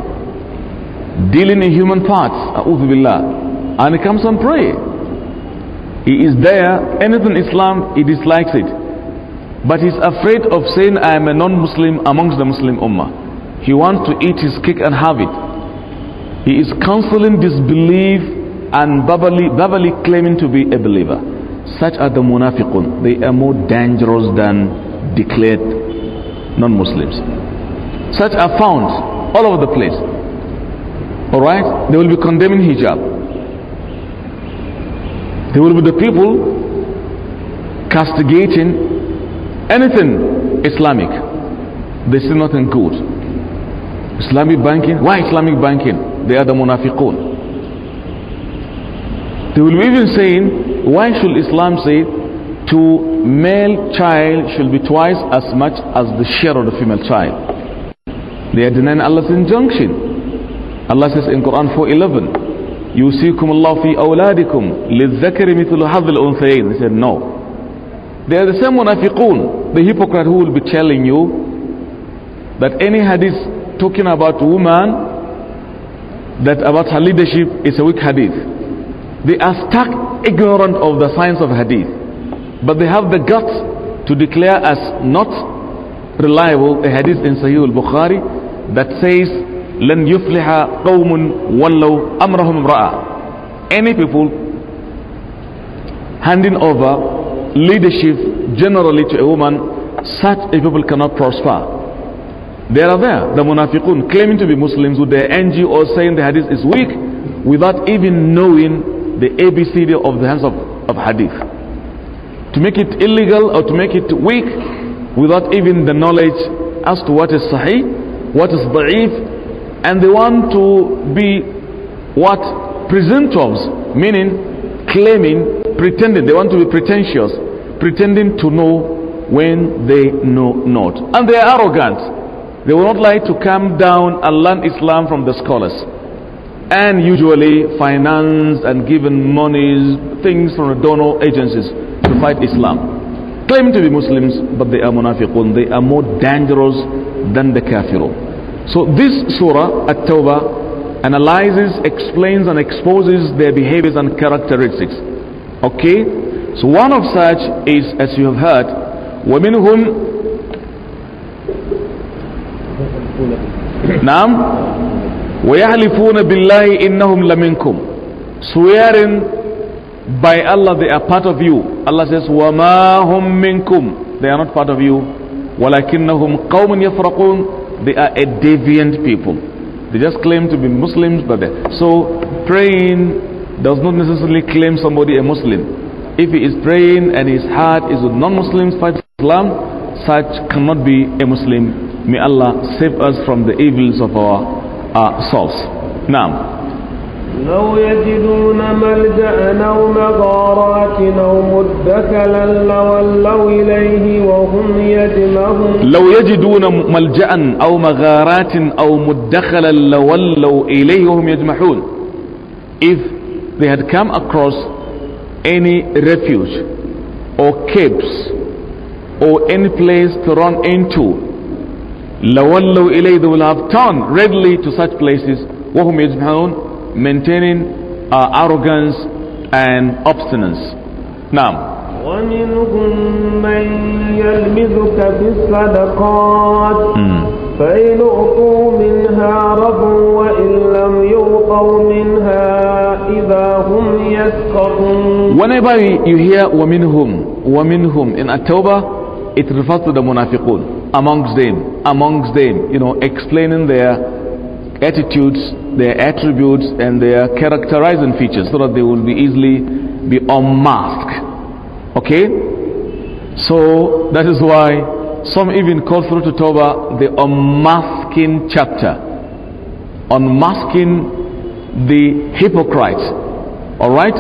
dealing in human parts and he comes and pray he is there anything islam he dislikes it but he's afraid of saying i am a non-muslim amongst the muslim ummah he wants to eat his cake and have it he is counseling disbelief and verbally, claiming to be a believer such are the munafiqun. They are more dangerous than declared non-Muslims. Such are found all over the place. Alright? They will be condemning hijab. They will be the people castigating anything Islamic. They see nothing good. Islamic banking? Why Islamic banking? They are the munafiqun. They will be even saying why should Islam say to male child should be twice as much as the share of the female child? They are denying Allah's injunction. Allah says in Quran 4:11. يوصيكم الله في أولادكم للذكر مثل حظ الأنثيين They said no They are the same munafiqun The hypocrite who will be telling you That any hadith talking about woman That about her leadership is a weak hadith they are stuck, ignorant of the science of hadith, but they have the guts to declare as not reliable a hadith in Sahih al-Bukhari that says, لَنْ يُفْلِحَ قَوْمٌ وَلَّوْ أَمْرَهُمْ رَأَى Any people handing over leadership generally to a woman, such a people cannot prosper. There are there, the munafiqun claiming to be Muslims with their NGO saying the hadith is weak without even knowing the ABCD of the hands of, of hadith. To make it illegal or to make it weak without even the knowledge as to what is sahih, what is da'if, and they want to be what? Presumptuous, meaning claiming, pretending. They want to be pretentious, pretending to know when they know not. And they are arrogant. They will not like to come down and learn Islam from the scholars and usually financed and given monies, things from donor agencies to fight Islam. Claim to be Muslims, but they are munafiqun. They are more dangerous than the kafirun. So this surah, At-Tawbah, analyzes, explains and exposes their behaviors and characteristics. Okay? So one of such is, as you have heard, وَمِنْهُمْ نعم وَيَحْلِفُونَ بِاللَّهِ إِنَّهُمْ لَمِنْكُمْ Swearing by Allah they are part of you. Allah says, وَمَا هُمْ مِنْكُمْ They are not part of you. وَلَكِنَّهُمْ قَوْمٌ يَفْرَقُونَ They are a deviant people. They just claim to be Muslims, but they... So praying does not necessarily claim somebody a Muslim. If he is praying and his heart is with non-Muslims fighting Islam, such cannot be a Muslim. May Allah save us from the evils of our uh, نعم لو يجدون ملجأ أو مغارات أو مدخلا لولوا إليه وهم يجمعون لو يجدون ملجأ أو مغارات أو مدخلا لولوا إليه وهم يجمعون if they had come across any refuge or caves or any place to run into لَوَلَّوْا إِلَيْهِ They will have turned readily to such places. وَهُمْ يَجْمَعُونَ Maintaining uh, arrogance and obstinance. Now, ومنهم من يلمزك في الصدقات فإن أعطوا منها رضوا وإن لم يعطوا منها إذا هم يسخطون Whenever you hear ومنهم ومنهم in At-Tawbah it refers to the munafiqun amongst them, amongst them, you know, explaining their attitudes, their attributes, and their characterizing features so that they will be easily be unmasked. Okay? So that is why some even call through to Toba the unmasking chapter, unmasking the hypocrites. Alright?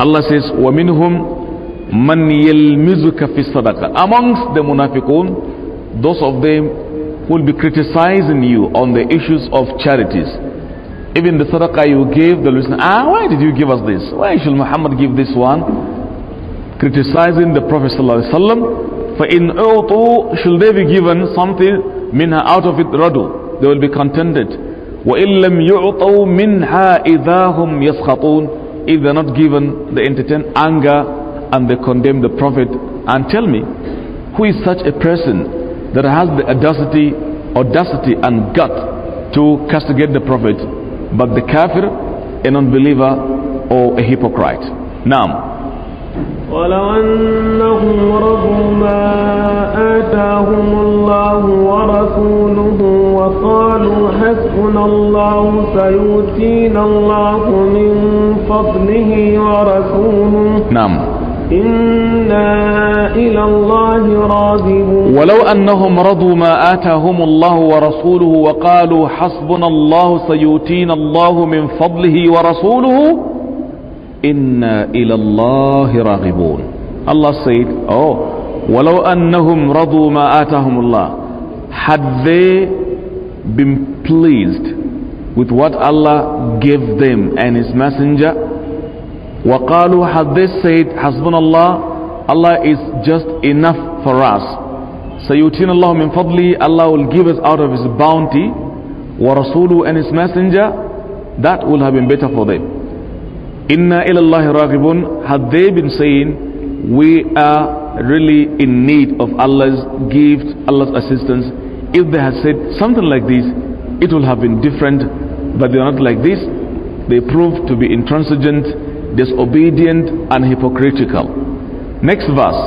Allah says, وَمِنْهُمْ مَنْ يَلْمِزُكَ فِي sadaqa Amongst the munafiqun, those of them will be criticizing you on the issues of charities. Even the sadaqah you gave, they'll listen, ah, why did you give us this? Why should Muhammad give this one? Criticizing the Prophet ﷺ. For in utu, should they be given something minha out of it radu? They will be contented. وَإِن لَمْ يُعْطَوْا مِنْهَا إِذَا هُمْ يَسْخَطُونَ If they're not given, they entertain anger and they condemn the Prophet. And tell me, who is such a person that has the audacity, audacity and gut to castigate the Prophet, but the kafir, an unbeliever, or a hypocrite. Now, ولو أنهم رضوا ما آتاهم الله ورسوله وقالوا حسبنا الله سيؤتينا الله من فضله ورسوله نعم إنا إلى الله راغبون ولو أنهم رضوا ما آتاهم الله ورسوله وقالوا حسبنا الله سيؤتينا الله من فضله ورسوله إنا إلى الله راغبون الله سيد oh ولو أنهم رضوا ما آتاهم الله had they been pleased with what Allah gave them and his messenger وقالوا had they said حسبنا Allah is just enough for us سيؤتينا الله من فضله Allah will give us out of his bounty ورسوله and his messenger that will have been better for them إنا إلى الله راغبون had they been saying we are really in need of Allah's gift Allah's assistance if they had said something like this it would have been different but they are not like this they proved to be intransigent disobedient and hypocritical next verse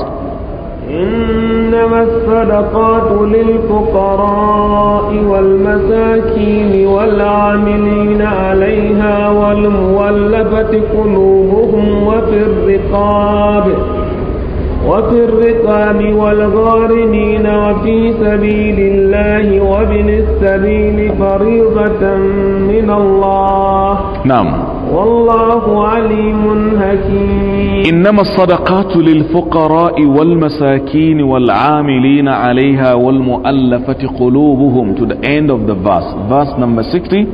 إنما الصدقات للفقراء والمساكين والعاملين عليها والمولفة قلوبهم وفي الرقاب وفي الرقاب والغارمين وفي سبيل الله وابن السبيل فريضة من الله نعم والله عليم حكيم إنما الصدقات للفقراء والمساكين والعاملين عليها والمؤلفة قلوبهم to the end of the verse verse number 60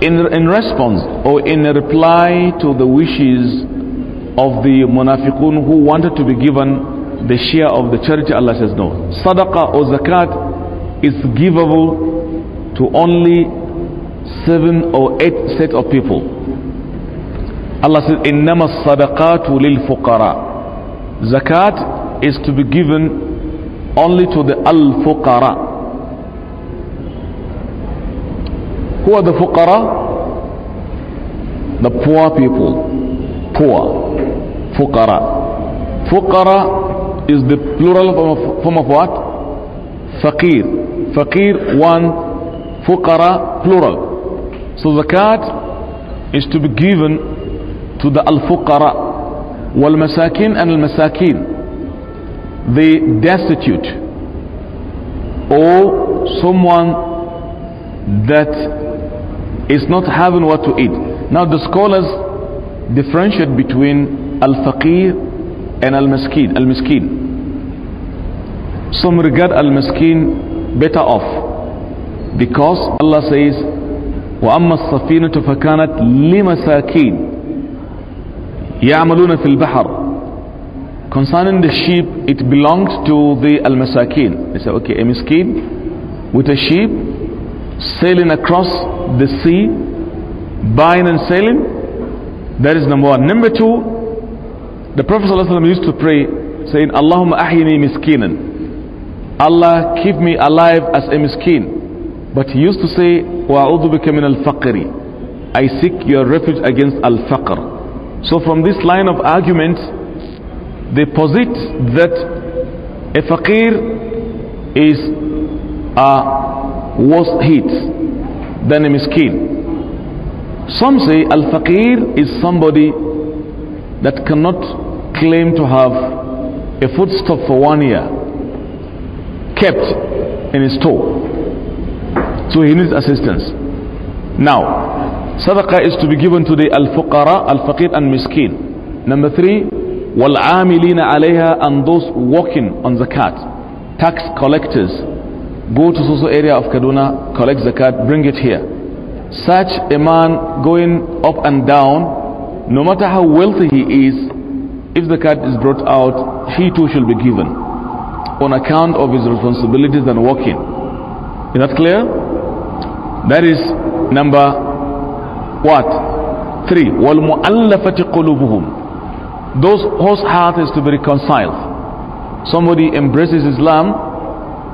In, in response or in reply to the wishes of the munafiqun who wanted to be given the share of the charity Allah says no sadaqah or zakat is givable to only seven or eight set of people. Allah says, إِنَّمَا الصَّدَقَاتُ لِلْفُقَرَاءِ Zakat is to be given only to the al-fuqara. Who are the fuqara? The poor people. Poor. Fuqara. Fuqara is the plural form of, form of what? Fakir. Fakir, one. Fuqara, plural. So zakat is to be given to the al-fuqara wal-masakin and al-masakin, the destitute or someone that is not having what to eat. Now the scholars differentiate between al-faqir and al-maskin. Al-miskin. Some regard al-maskin better off because Allah says وأما الصفينة فكانت لمساكين يعملون في البحر concerning the sheep it belonged to the al-masakin they said okay a miskin with a sheep sailing across the sea buying and selling that is number one number two the prophet ﷺ used to pray saying allahumma ahyini miskinan allah keep me alive as a miskin but he used to say, وَأَعُوذُ بِكَ مِنَ الْفَقْرِ I seek your refuge against al-faqr. So from this line of argument, they posit that a faqir is a worse hit than a miskin. Some say al-faqir is somebody that cannot claim to have a foodstuff for one year kept in his store so he needs assistance. Now, sadaqah is to be given to the al-fuqara, al-faqir and miskin. Number three, wal-amilina alayha and those working on zakat, tax collectors. Go to social area of Kaduna, collect zakat, bring it here. Such a man going up and down, no matter how wealthy he is, if the card is brought out, he too shall be given on account of his responsibilities and working. Is that clear? That is number what? Three. وَالْمُؤَلَّفَةِ قُلُوبُهُمْ Those whose heart is to be reconciled. Somebody embraces Islam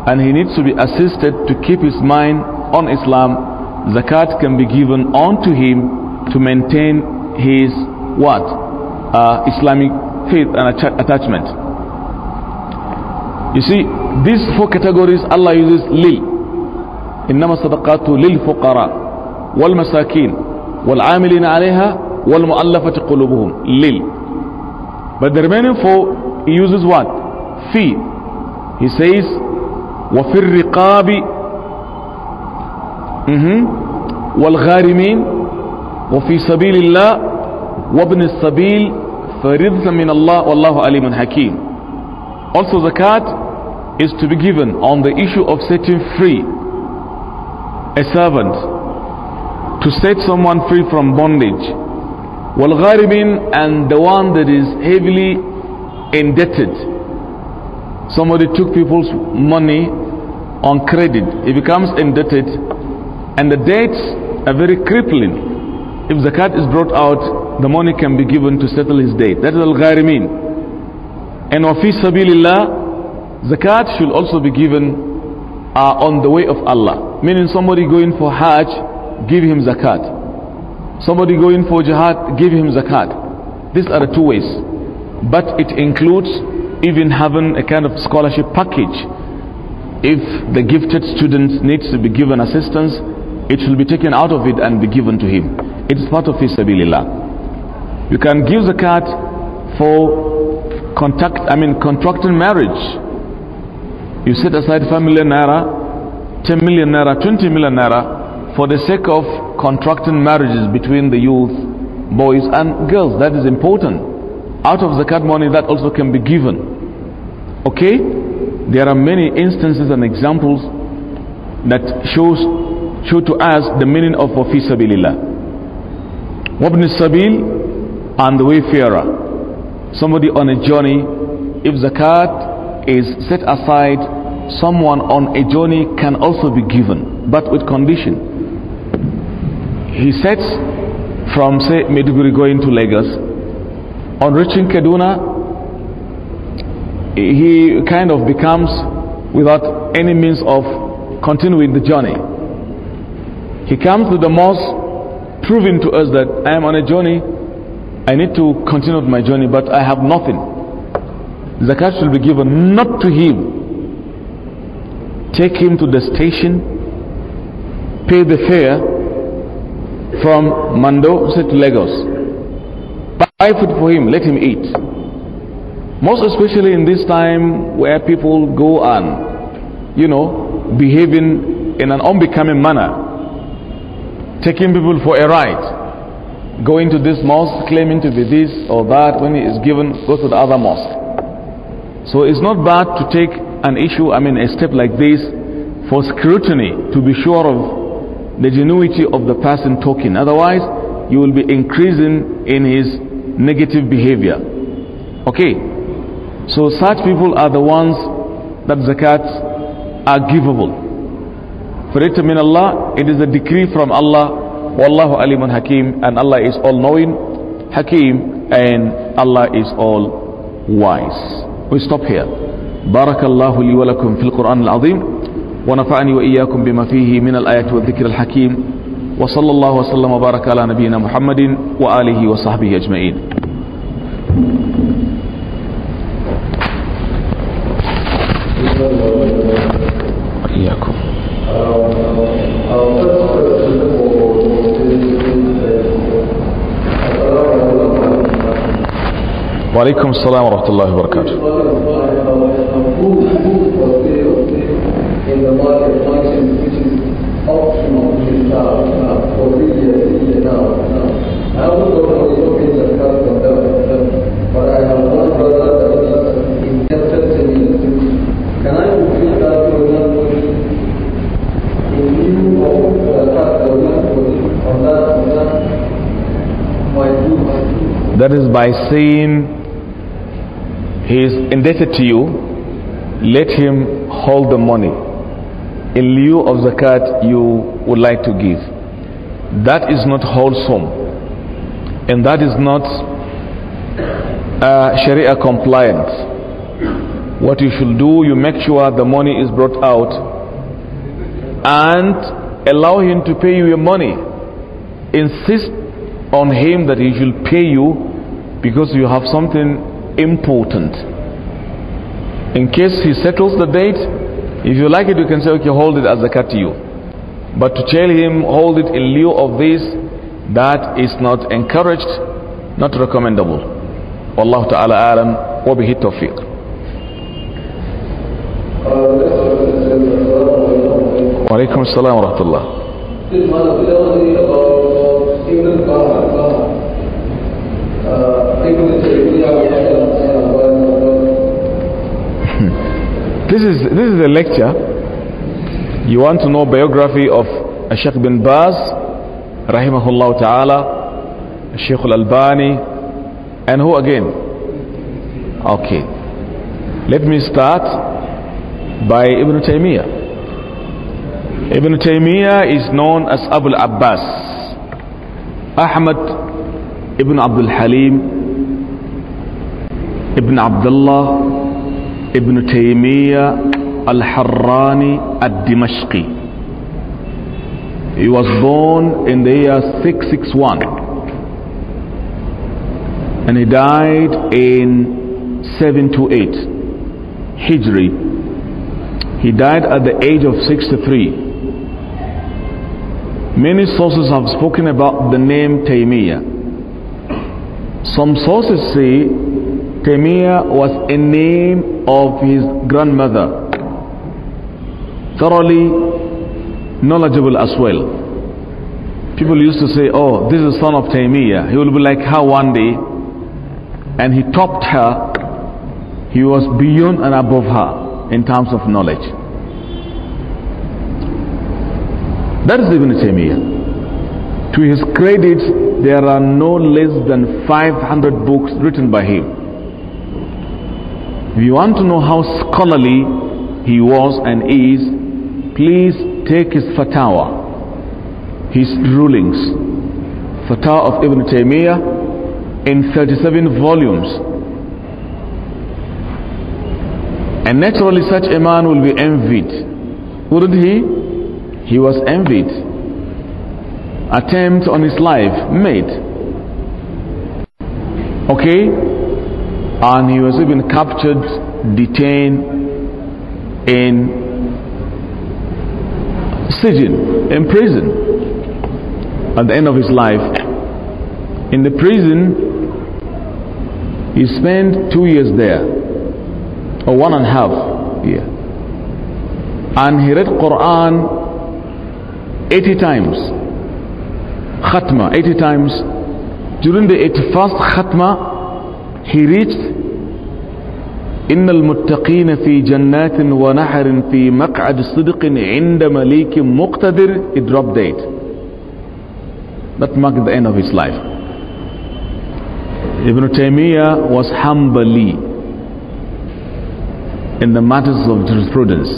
and he needs to be assisted to keep his mind on Islam. Zakat can be given unto him to maintain his what? Uh, Islamic faith and attachment. You see, these four categories Allah uses lil إنما الصدقات للفقراء والمساكين والعاملين عليها والمؤلفة قلوبهم لل but the remaining four he uses what في he says وفي الرقاب والغارمين وفي سبيل الله وابن السبيل فرضا من الله والله عليم حكيم also zakat is to be given on the issue of setting free a servant to set someone free from bondage والغاربين and the one that is heavily indebted somebody took people's money on credit he becomes indebted and the debts are very crippling if zakat is brought out the money can be given to settle his debt that is al-gharimin and wa fi sabilillah zakat should also be given are on the way of Allah. Meaning somebody going for Hajj, give him zakat. Somebody going for jihad, give him zakat. These are the two ways. But it includes even having a kind of scholarship package. If the gifted student needs to be given assistance, it will be taken out of it and be given to him. It's part of his sabilillah. You can give zakat for contact, I mean, contracting marriage you set aside 5 million naira, 10 million naira, 20 million naira for the sake of contracting marriages between the youth, boys and girls. That is important. Out of the card money, that also can be given. Okay? There are many instances and examples that shows show to us the meaning of wafi sabilillah. Wabn sabil and the wayfarer. Somebody on a journey, if zakat is set aside someone on a journey can also be given but with condition he sets from say Maiduguri going to Lagos on reaching Kaduna he kind of becomes without any means of continuing the journey he comes to the mosque proving to us that I am on a journey I need to continue my journey but I have nothing zakat will be given not to him. Take him to the station, pay the fare from Mando say, to Lagos. Buy food for him, let him eat. Most especially in this time where people go on, you know, behaving in an unbecoming manner, taking people for a ride going to this mosque, claiming to be this or that, when he is given, go to the other mosque. So it's not bad to take an issue, I mean, a step like this for scrutiny to be sure of the genuity of the person talking. Otherwise, you will be increasing in his negative behavior. Okay, so such people are the ones that zakat are givable. Farita mean Allah, it is a decree from Allah. Wallahu alimun hakim, and Allah is all knowing, hakim, and Allah is all wise. we stop here بارك الله لي ولكم في القرآن العظيم ونفعني وإياكم بما فيه من الآيات والذكر الحكيم وصلى الله وسلم وبارك على نبينا محمد وآله وصحبه أجمعين إياكم وعليكم السلام ورحمة الله وبركاته That is by saying he is indebted to you let him hold the money in lieu of zakat you would like to give that is not wholesome and that is not uh, sharia compliant what you should do you make sure the money is brought out and allow him to pay you your money insist on him that he should pay you because you have something important. In case he settles the date, if you like it, you can say, okay, hold it as a cut to you. But to tell him, hold it in lieu of this, that is not encouraged, not recommendable. Wallahu ta'ala alam, wa bihi tawfiq. Wa alaikum wa rahmatullah. Uh, This is, this is a lecture. You want to know biography of Sheikh bin Baz, rahimahullah ta'ala, Sheikh al-Albani, and who again? Okay. Let me start by Ibn Taymiyyah. Ibn Taymiyyah is known as Abu Abbas. Ahmad Ibn Abdul Halim, Ibn Abdullah, Ibn Taymiyya al harani al-Dimashqi. He was born in the year 661 and he died in 728 Hijri. He died at the age of 63. Many sources have spoken about the name Taymiyyah. Some sources say Taymiyyah was a name of his grandmother. Thoroughly knowledgeable as well. People used to say, oh, this is son of Taymiyyah. He will be like her one day. And he topped her. He was beyond and above her in terms of knowledge. That is Ibn Taymiyyah. To his credit, there are no less than 500 books written by him. If you want to know how scholarly he was and is, please take his fatwa, his rulings. Fatwa of Ibn Taymiyyah in 37 volumes. And naturally, such a man will be envied. Wouldn't he? He was envied. Attempt on his life made. Okay? and he was even captured, detained in Sijin, in prison, at the end of his life. In the prison, he spent two years there, or one and a half year. And he read Quran 80 times, Khatma 80 times. During the 81st Khatma, he reached إن المتقين في جنات ونهر في مقعد صدق عند مليك مقتدر it date that marked the end of his life Ibn Taymiyyah was humbly in the matters of jurisprudence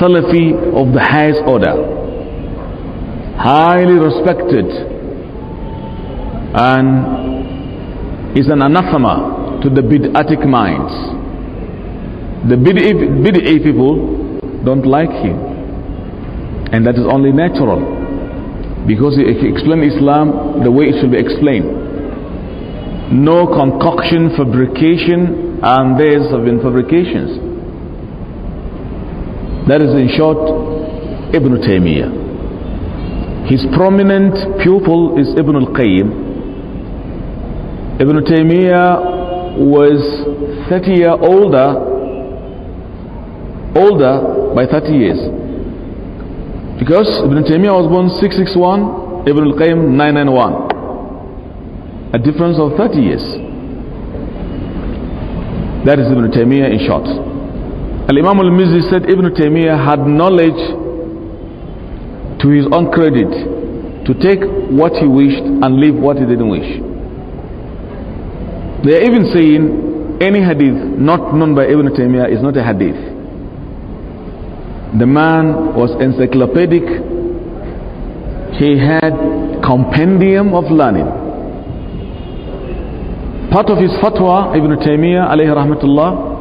Salafi of the highest order highly respected and is an anathema to the bid'atic minds. The bid'i, bid'i people don't like him. And that is only natural. Because if you explain Islam the way it should be explained. No concoction, fabrication, and there's have been fabrications. That is in short Ibn Taymiyyah. His prominent pupil is Ibn al-Qayyim. Ibn Taymiyyah was 30 year older older by 30 years because Ibn Taymiyyah was born 661 Ibn al-Qayyim 991 a difference of 30 years that is Ibn Taymiyyah in short Al-Imam al-Mizzi said Ibn Taymiyyah had knowledge to his own credit to take what he wished and leave what he didn't wish they are even saying any hadith not known by Ibn Taymiyyah is not a hadith. The man was encyclopedic. He had compendium of learning. Part of his fatwa, Ibn Taymiyyah alayhi rahmatullah,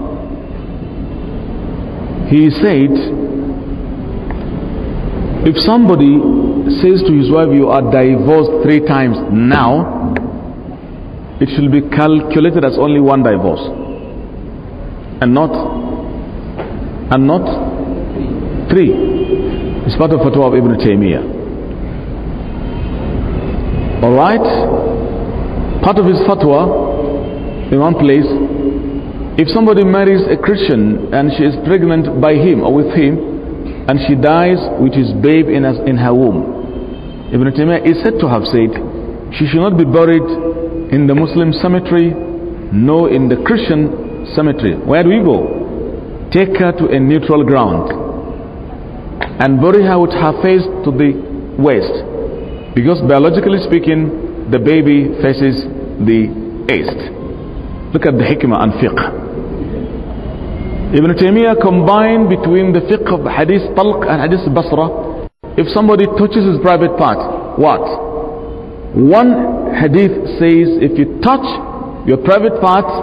he said, if somebody says to his wife, You are divorced three times now, it should be calculated as only one divorce and not and not three it's part of fatwa of Ibn Taymiyyah all right part of his fatwa in one place if somebody marries a Christian and she is pregnant by him or with him and she dies with his babe in, in her womb Ibn Taymiyyah is said to have said she should not be buried in the Muslim cemetery, no in the Christian cemetery. Where do we go? Take her to a neutral ground and bury her with her face to the west. Because biologically speaking, the baby faces the east. Look at the hikmah and fiqh. Ibn Taymiyyah combined between the fiqh of hadith talq and hadith basra. If somebody touches his private part, what? One hadith says if you touch your private parts,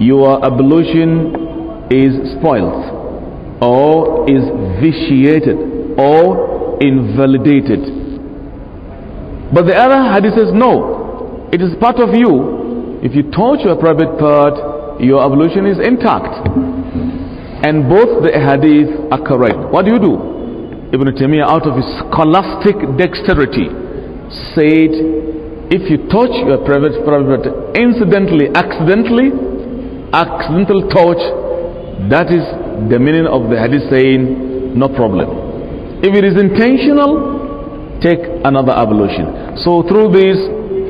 your ablution is spoiled or is vitiated or invalidated. But the other hadith says no, it is part of you. If you touch your private part, your ablution is intact. And both the hadith are correct. What do you do? Ibn Taymiyyah, out of his scholastic dexterity, said if you touch your private property incidentally, accidentally, accidental touch, that is the meaning of the hadith saying, no problem. If it is intentional, take another ablution. So through this,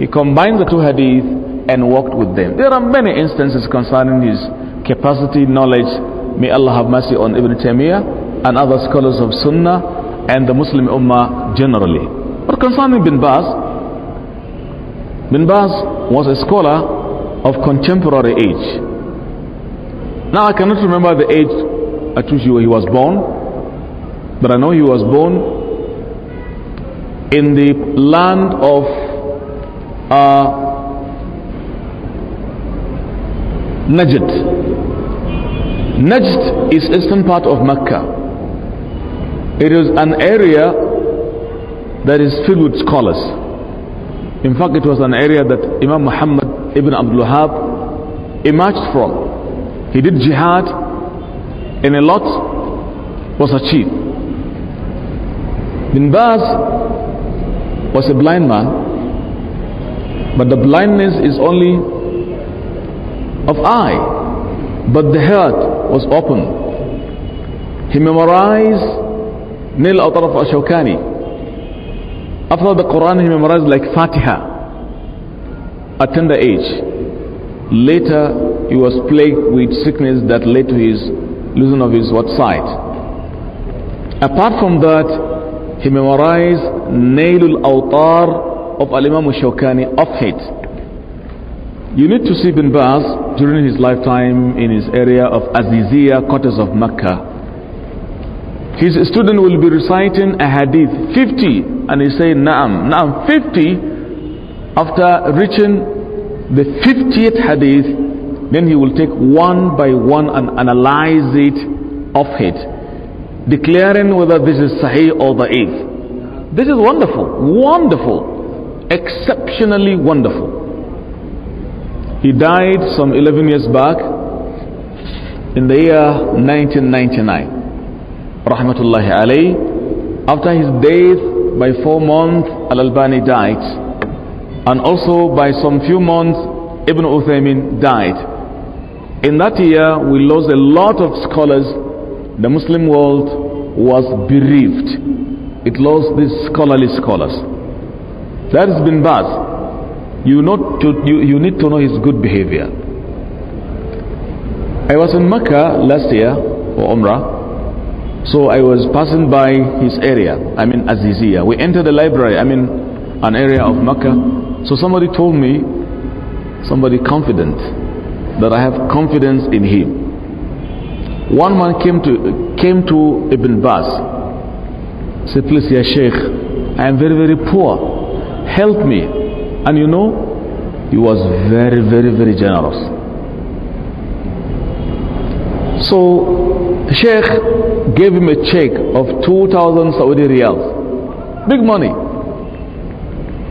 he combined the two hadith and worked with them. There are many instances concerning his capacity, knowledge. May Allah have mercy on Ibn Taymiyyah and other scholars of Sunnah and the Muslim Ummah generally. But concerning Bin Baz, Bin Baz was a scholar of contemporary age. Now I cannot remember the age at which he was born, but I know he was born in the land of uh, Najd. Najd is eastern part of Mecca. It is an area that is filled with scholars. In fact, it was an area that Imam Muhammad ibn Abdul Wahab emerged from. He did jihad, and a lot was achieved. Bin Baz was a blind man, but the blindness is only of eye, but the heart was open. He memorized Nil Ataraf Ashokani. After the Quran, he memorized like Fatiha at tender age. Later, he was plagued with sickness that led to his losing of his what sight. Apart from that, he memorized Nailul Awtar of Al-Imam Shawkani of hate. You need to see Bin Baz during his lifetime in his area of Azizia, quarters of Mecca. His student will be reciting a hadith, 50, and he say, Naam, Naam, 50. After reaching the 50th hadith, then he will take one by one and analyze it of it, declaring whether this is Sahih or the eighth. This is wonderful, wonderful, exceptionally wonderful. He died some 11 years back in the year 1999 rahmatullahi alayh. After his death by four months, Al-Albani died. And also by some few months, Ibn Uthaymin died. In that year, we lost a lot of scholars. The Muslim world was bereaved. It lost these scholarly scholars. That has been bad. You, to, you, you need to know his good behavior. I was in Mecca last year for Umrah so I was passing by his area, I mean Azizia. We entered the library, I mean an area of Makkah. So somebody told me, somebody confident, that I have confidence in him. One man came to, came to Ibn Baz, said, please, Ya Sheikh, I am very, very poor. Help me. And you know, he was very, very, very generous. So Sheikh gave him a check of 2,000 Saudi riyals. Big money.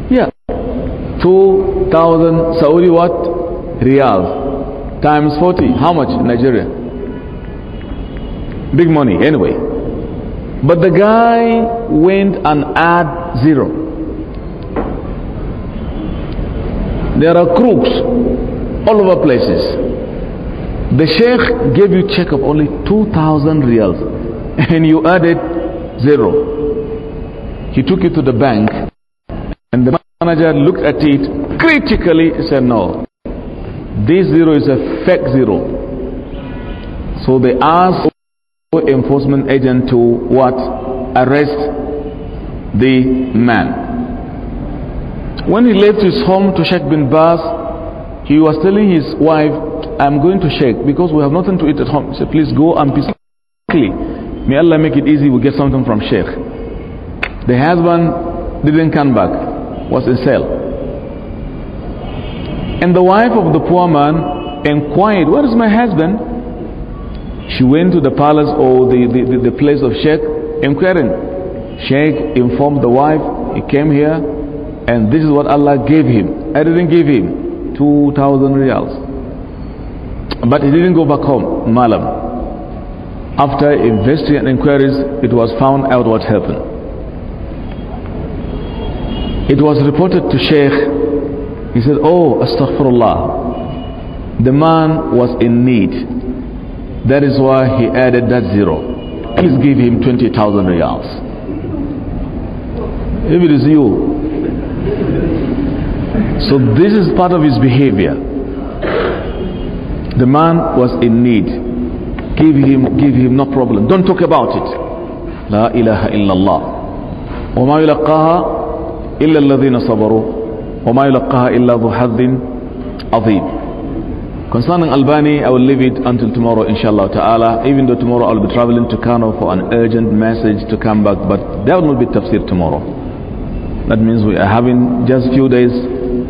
Yeah. 2,000 Saudi what? Riyals. Times 40. How much in Nigeria? Big money anyway. But the guy went and add zero. There are crooks all over places. The sheikh gave you check of only 2,000 reals and you added zero. He took you to the bank and the manager looked at it critically and said, no, this zero is a fake zero. So they asked law enforcement agent to what? Arrest the man. When he left his home to Sheikh bin Baz, he was telling his wife, I'm going to shake because we have nothing to eat at home. He said, please go and be quickly. May Allah make it easy, we get something from Sheikh. The husband didn't come back, was in cell. And the wife of the poor man inquired, where is my husband? She went to the palace or the, the, the, the place of Sheikh, inquiring. Sheikh informed the wife, he came here and this is what Allah gave him. I didn't give him. 2,000 reals. But he didn't go back home, Malam. After investing and inquiries, it was found out what happened. It was reported to Sheikh. He said, Oh, astaghfirullah. The man was in need. That is why he added that zero. Please give him 20,000 reals. If it is you, so this is part of his behavior. The man was in need. Give him, give him, no problem. Don't talk about it. La ilaha illallah. وما يلقاها إلا الذين صبروا وما يلقاها إلا ذو حظ عظيم Concerning Albany, I will leave it until tomorrow, inshallah ta'ala. Even though tomorrow I'll be traveling to Kano for an urgent message to come back, but there will not be tafsir tomorrow. That means we are having just few days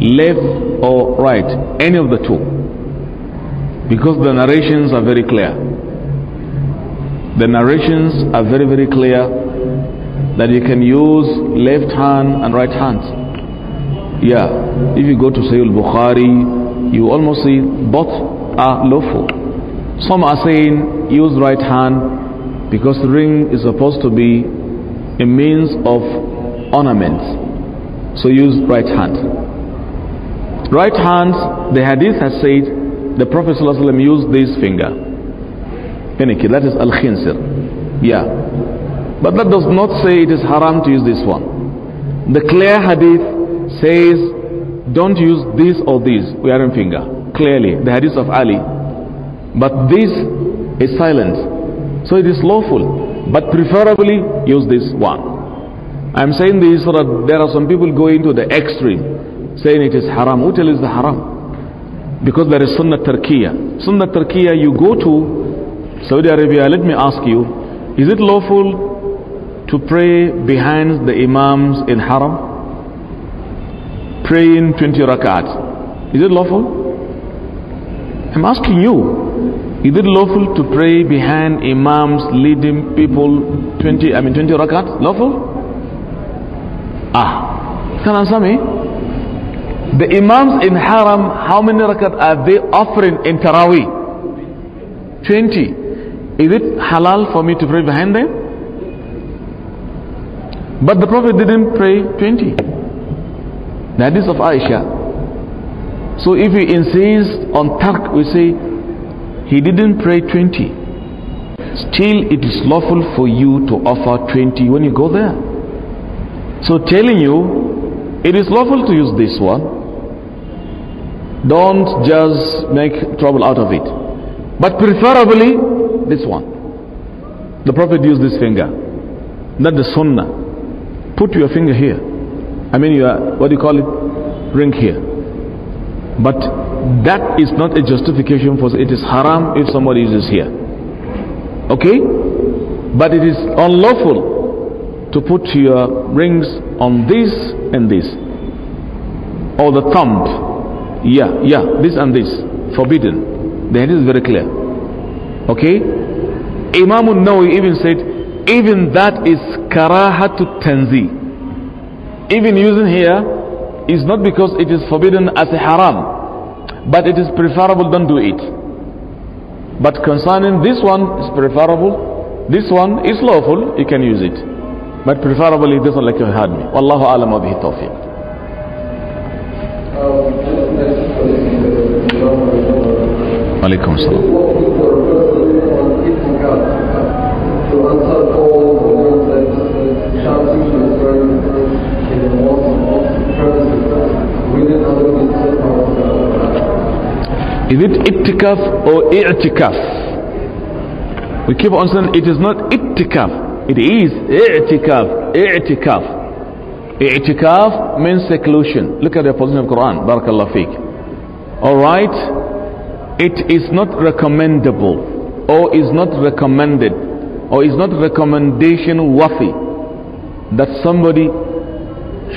left or right, any of the two. Because the narrations are very clear. The narrations are very, very clear that you can use left hand and right hand. Yeah, if you go to Sayyid Bukhari, you almost see both are lawful. Some are saying use right hand because the ring is supposed to be a means of ornament. So use right hand. Right hand, the hadith has said the Prophet ﷺ used this finger. that is al khinsir. Yeah. But that does not say it is haram to use this one. The clear hadith says don't use this or this wearing finger. Clearly, the hadith of Ali. But this is silent. So it is lawful. But preferably use this one. I'm saying this so that there are some people going to the extreme saying it is haram. Utal is the haram? Because there is Sunnah Turkiya. Sunnah Turkiya, you go to Saudi Arabia, let me ask you, is it lawful to pray behind the imams in haram? Praying 20 rakats? Is it lawful? I'm asking you, is it lawful to pray behind imams leading people 20, I mean 20 rakats? Lawful? Ah, can answer me? The Imams in Haram, how many rakat are they offering in Taraweeh? 20. Is it halal for me to pray behind them? But the Prophet didn't pray 20. That is of Aisha. So if he insists on Tark, we say he didn't pray 20. Still, it is lawful for you to offer 20 when you go there. So telling you it is lawful to use this one. Don't just make trouble out of it. But preferably this one. The Prophet used this finger, not the sunnah. Put your finger here. I mean, are what do you call it? Ring here. But that is not a justification for it is haram if somebody uses here. Okay? But it is unlawful to put your rings on this and this or the thumb yeah yeah this and this forbidden the hadith is very clear okay imam an-nawawi even said even that is karahatu tanzi even using here is not because it is forbidden as a haram but it is preferable don't do it but concerning this one is preferable this one is lawful you can use it but preferably this one like you heard me. Wallahu alam wa bihi tawfiq. Is it ittikaf or i'tikaf? We keep on saying it is not ittikaf. It is i'tikaf, i'tikaf. I'tikaf means seclusion. Look at the position of Quran. Barakallah fiqh. Alright? It is not recommendable or is not recommended or is not recommendation worthy that somebody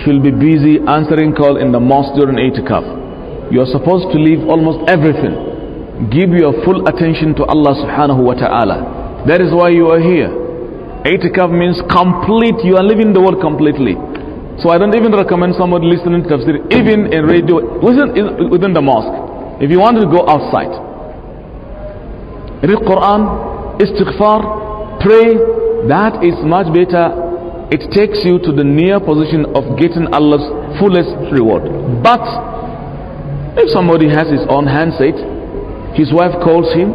should be busy answering call in the mosque during itikaf. You are supposed to leave almost everything. Give your full attention to Allah subhanahu wa ta'ala. That is why you are here. Itikaf means complete. You are living the world completely. So I don't even recommend somebody listening to tafsir, even in radio, listen within the mosque. If you want to go outside, read Quran, istighfar, pray. That is much better. It takes you to the near position of getting Allah's fullest reward. But if somebody has his own handset, his wife calls him,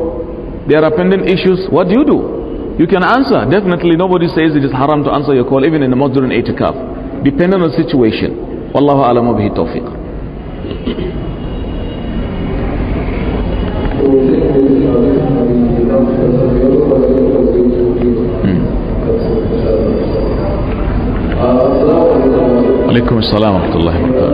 There are pending issues, what do you do? You can answer. Definitely nobody says it is haram to answer your call even in a modern itikaf. Depending on the situation. Wallahu alam bihi tawfiq. عليكم السلام ورحمة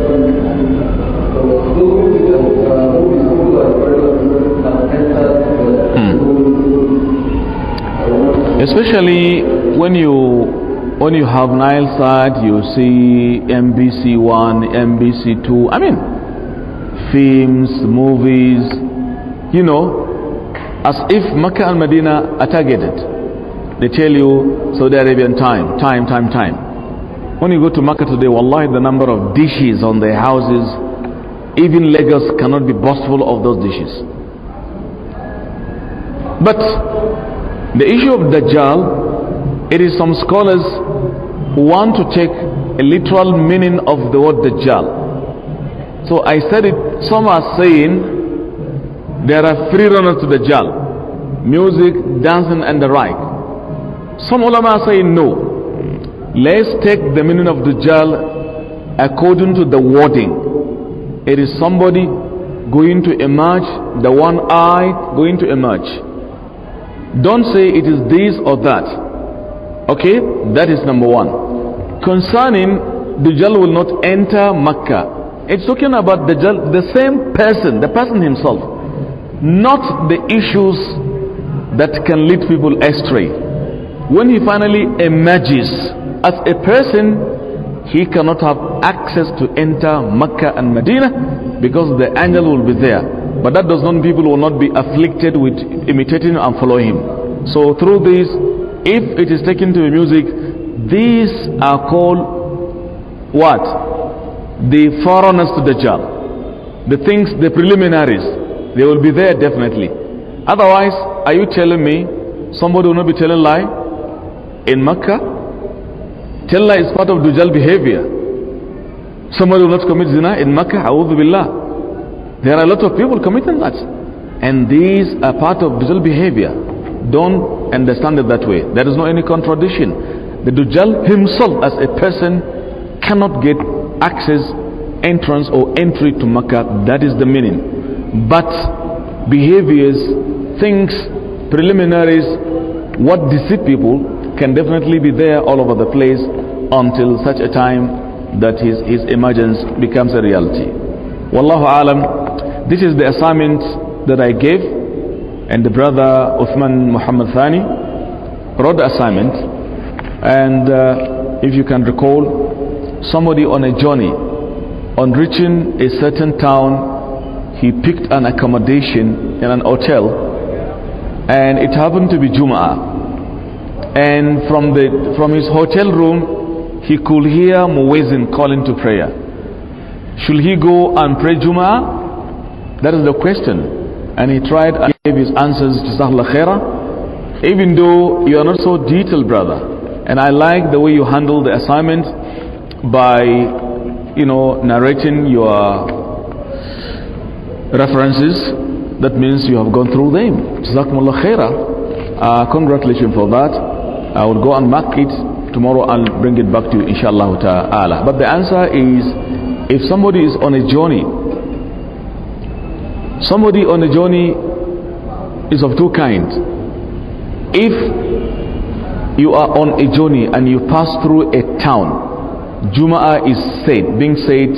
especially when you when you have Nile site, you see MBC One, MBC Two. I mean, films, movies. You know, as if Mecca and Medina are targeted. They tell you Saudi Arabian time, time, time, time. When you go to Mecca today, wallahi, the number of dishes on their houses, even Lagos cannot be boastful of those dishes. But the issue of Dajjal, it is some scholars who want to take a literal meaning of the word Dajjal. So I said it, some are saying there are three runners to Dajjal music, dancing, and the like. Some ulama are saying no. Let's take the meaning of Dajjal according to the wording. It is somebody going to emerge, the one eye going to emerge. Don't say it is this or that. Okay, that is number one. Concerning Dajjal will not enter Makkah. It's talking about Dajjal, the same person, the person himself, not the issues that can lead people astray. When he finally emerges as a person, he cannot have access to enter Makkah and Medina because the angel will be there. But that does not mean people will not be afflicted with imitating and following him. So through this, if it is taken to the music, these are called what? The foreigners to the Dajjal. The things, the preliminaries, they will be there definitely. Otherwise, are you telling me somebody will not be telling lie in Mecca? Tell lie is part of Dajjal behavior. Somebody will not commit zina in Mecca, A'udhu Billah. There are a lot of people committing that. And these are part of Dajjal behavior. Don't understand it that way. There is no any contradiction. The Dajjal himself as a person cannot get access, entrance or entry to Makkah. That is the meaning. But behaviors, things, preliminaries, what deceive people can definitely be there all over the place until such a time that his, his emergence becomes a reality. Wallahu alam. This is the assignment that I gave, and the brother Uthman Muhammad Thani wrote the assignment. And uh, if you can recall, somebody on a journey, on reaching a certain town, he picked an accommodation in an hotel, and it happened to be Jum'ah. And from the from his hotel room, he could hear muezzin calling to prayer. Should he go and pray Juma? That is the question. And he tried and gave his answers to Sahla Khaira. Even though you are not so detailed, brother. And I like the way you handle the assignment by, you know, narrating your references. That means you have gone through them. Jazakumullah Khaira. Uh, congratulations for that. I will go and mark it tomorrow. I'll bring it back to you, inshallah ta'ala. But the answer is if somebody is on a journey, somebody on a journey is of two kinds. If you are on a journey and you pass through a town, Jum'ah is said, being said,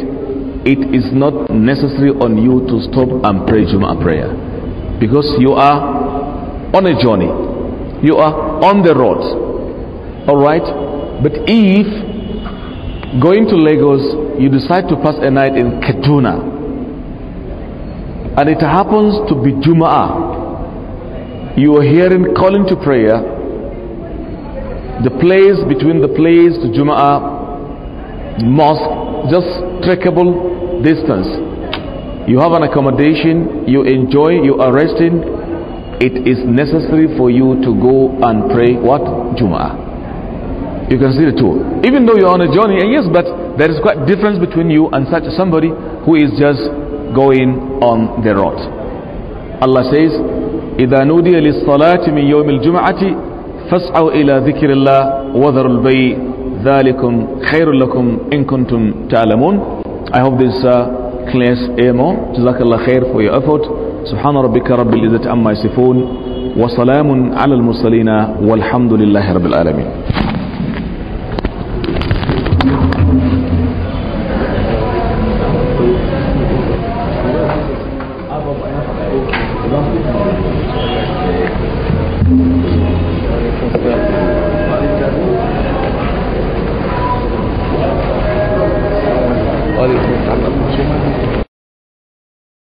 it is not necessary on you to stop and pray Jum'ah prayer because you are on a journey, you are on the road. All right, but if going to Lagos, you decide to pass a night in Katuna, and it happens to be Jum'ah. You are hearing calling to prayer. The place between the place to Jum'ah mosque, just trackable distance. You have an accommodation, you enjoy, you are resting. It is necessary for you to go and pray what? Jum'ah. You can see the two. Even though you're on a journey, and yes, but there is quite difference between you and such somebody who is just going on the road. Allah says, إذا نودي للصلاة من يوم الجمعة فاسعوا إلى ذكر الله وذروا البيع ذلكم خير لكم إن كنتم تعلمون I hope this uh, clears air more. جزاك الله خير for your effort. سبحان ربك رب العزة عما يصفون وسلام على المرسلين والحمد لله رب العالمين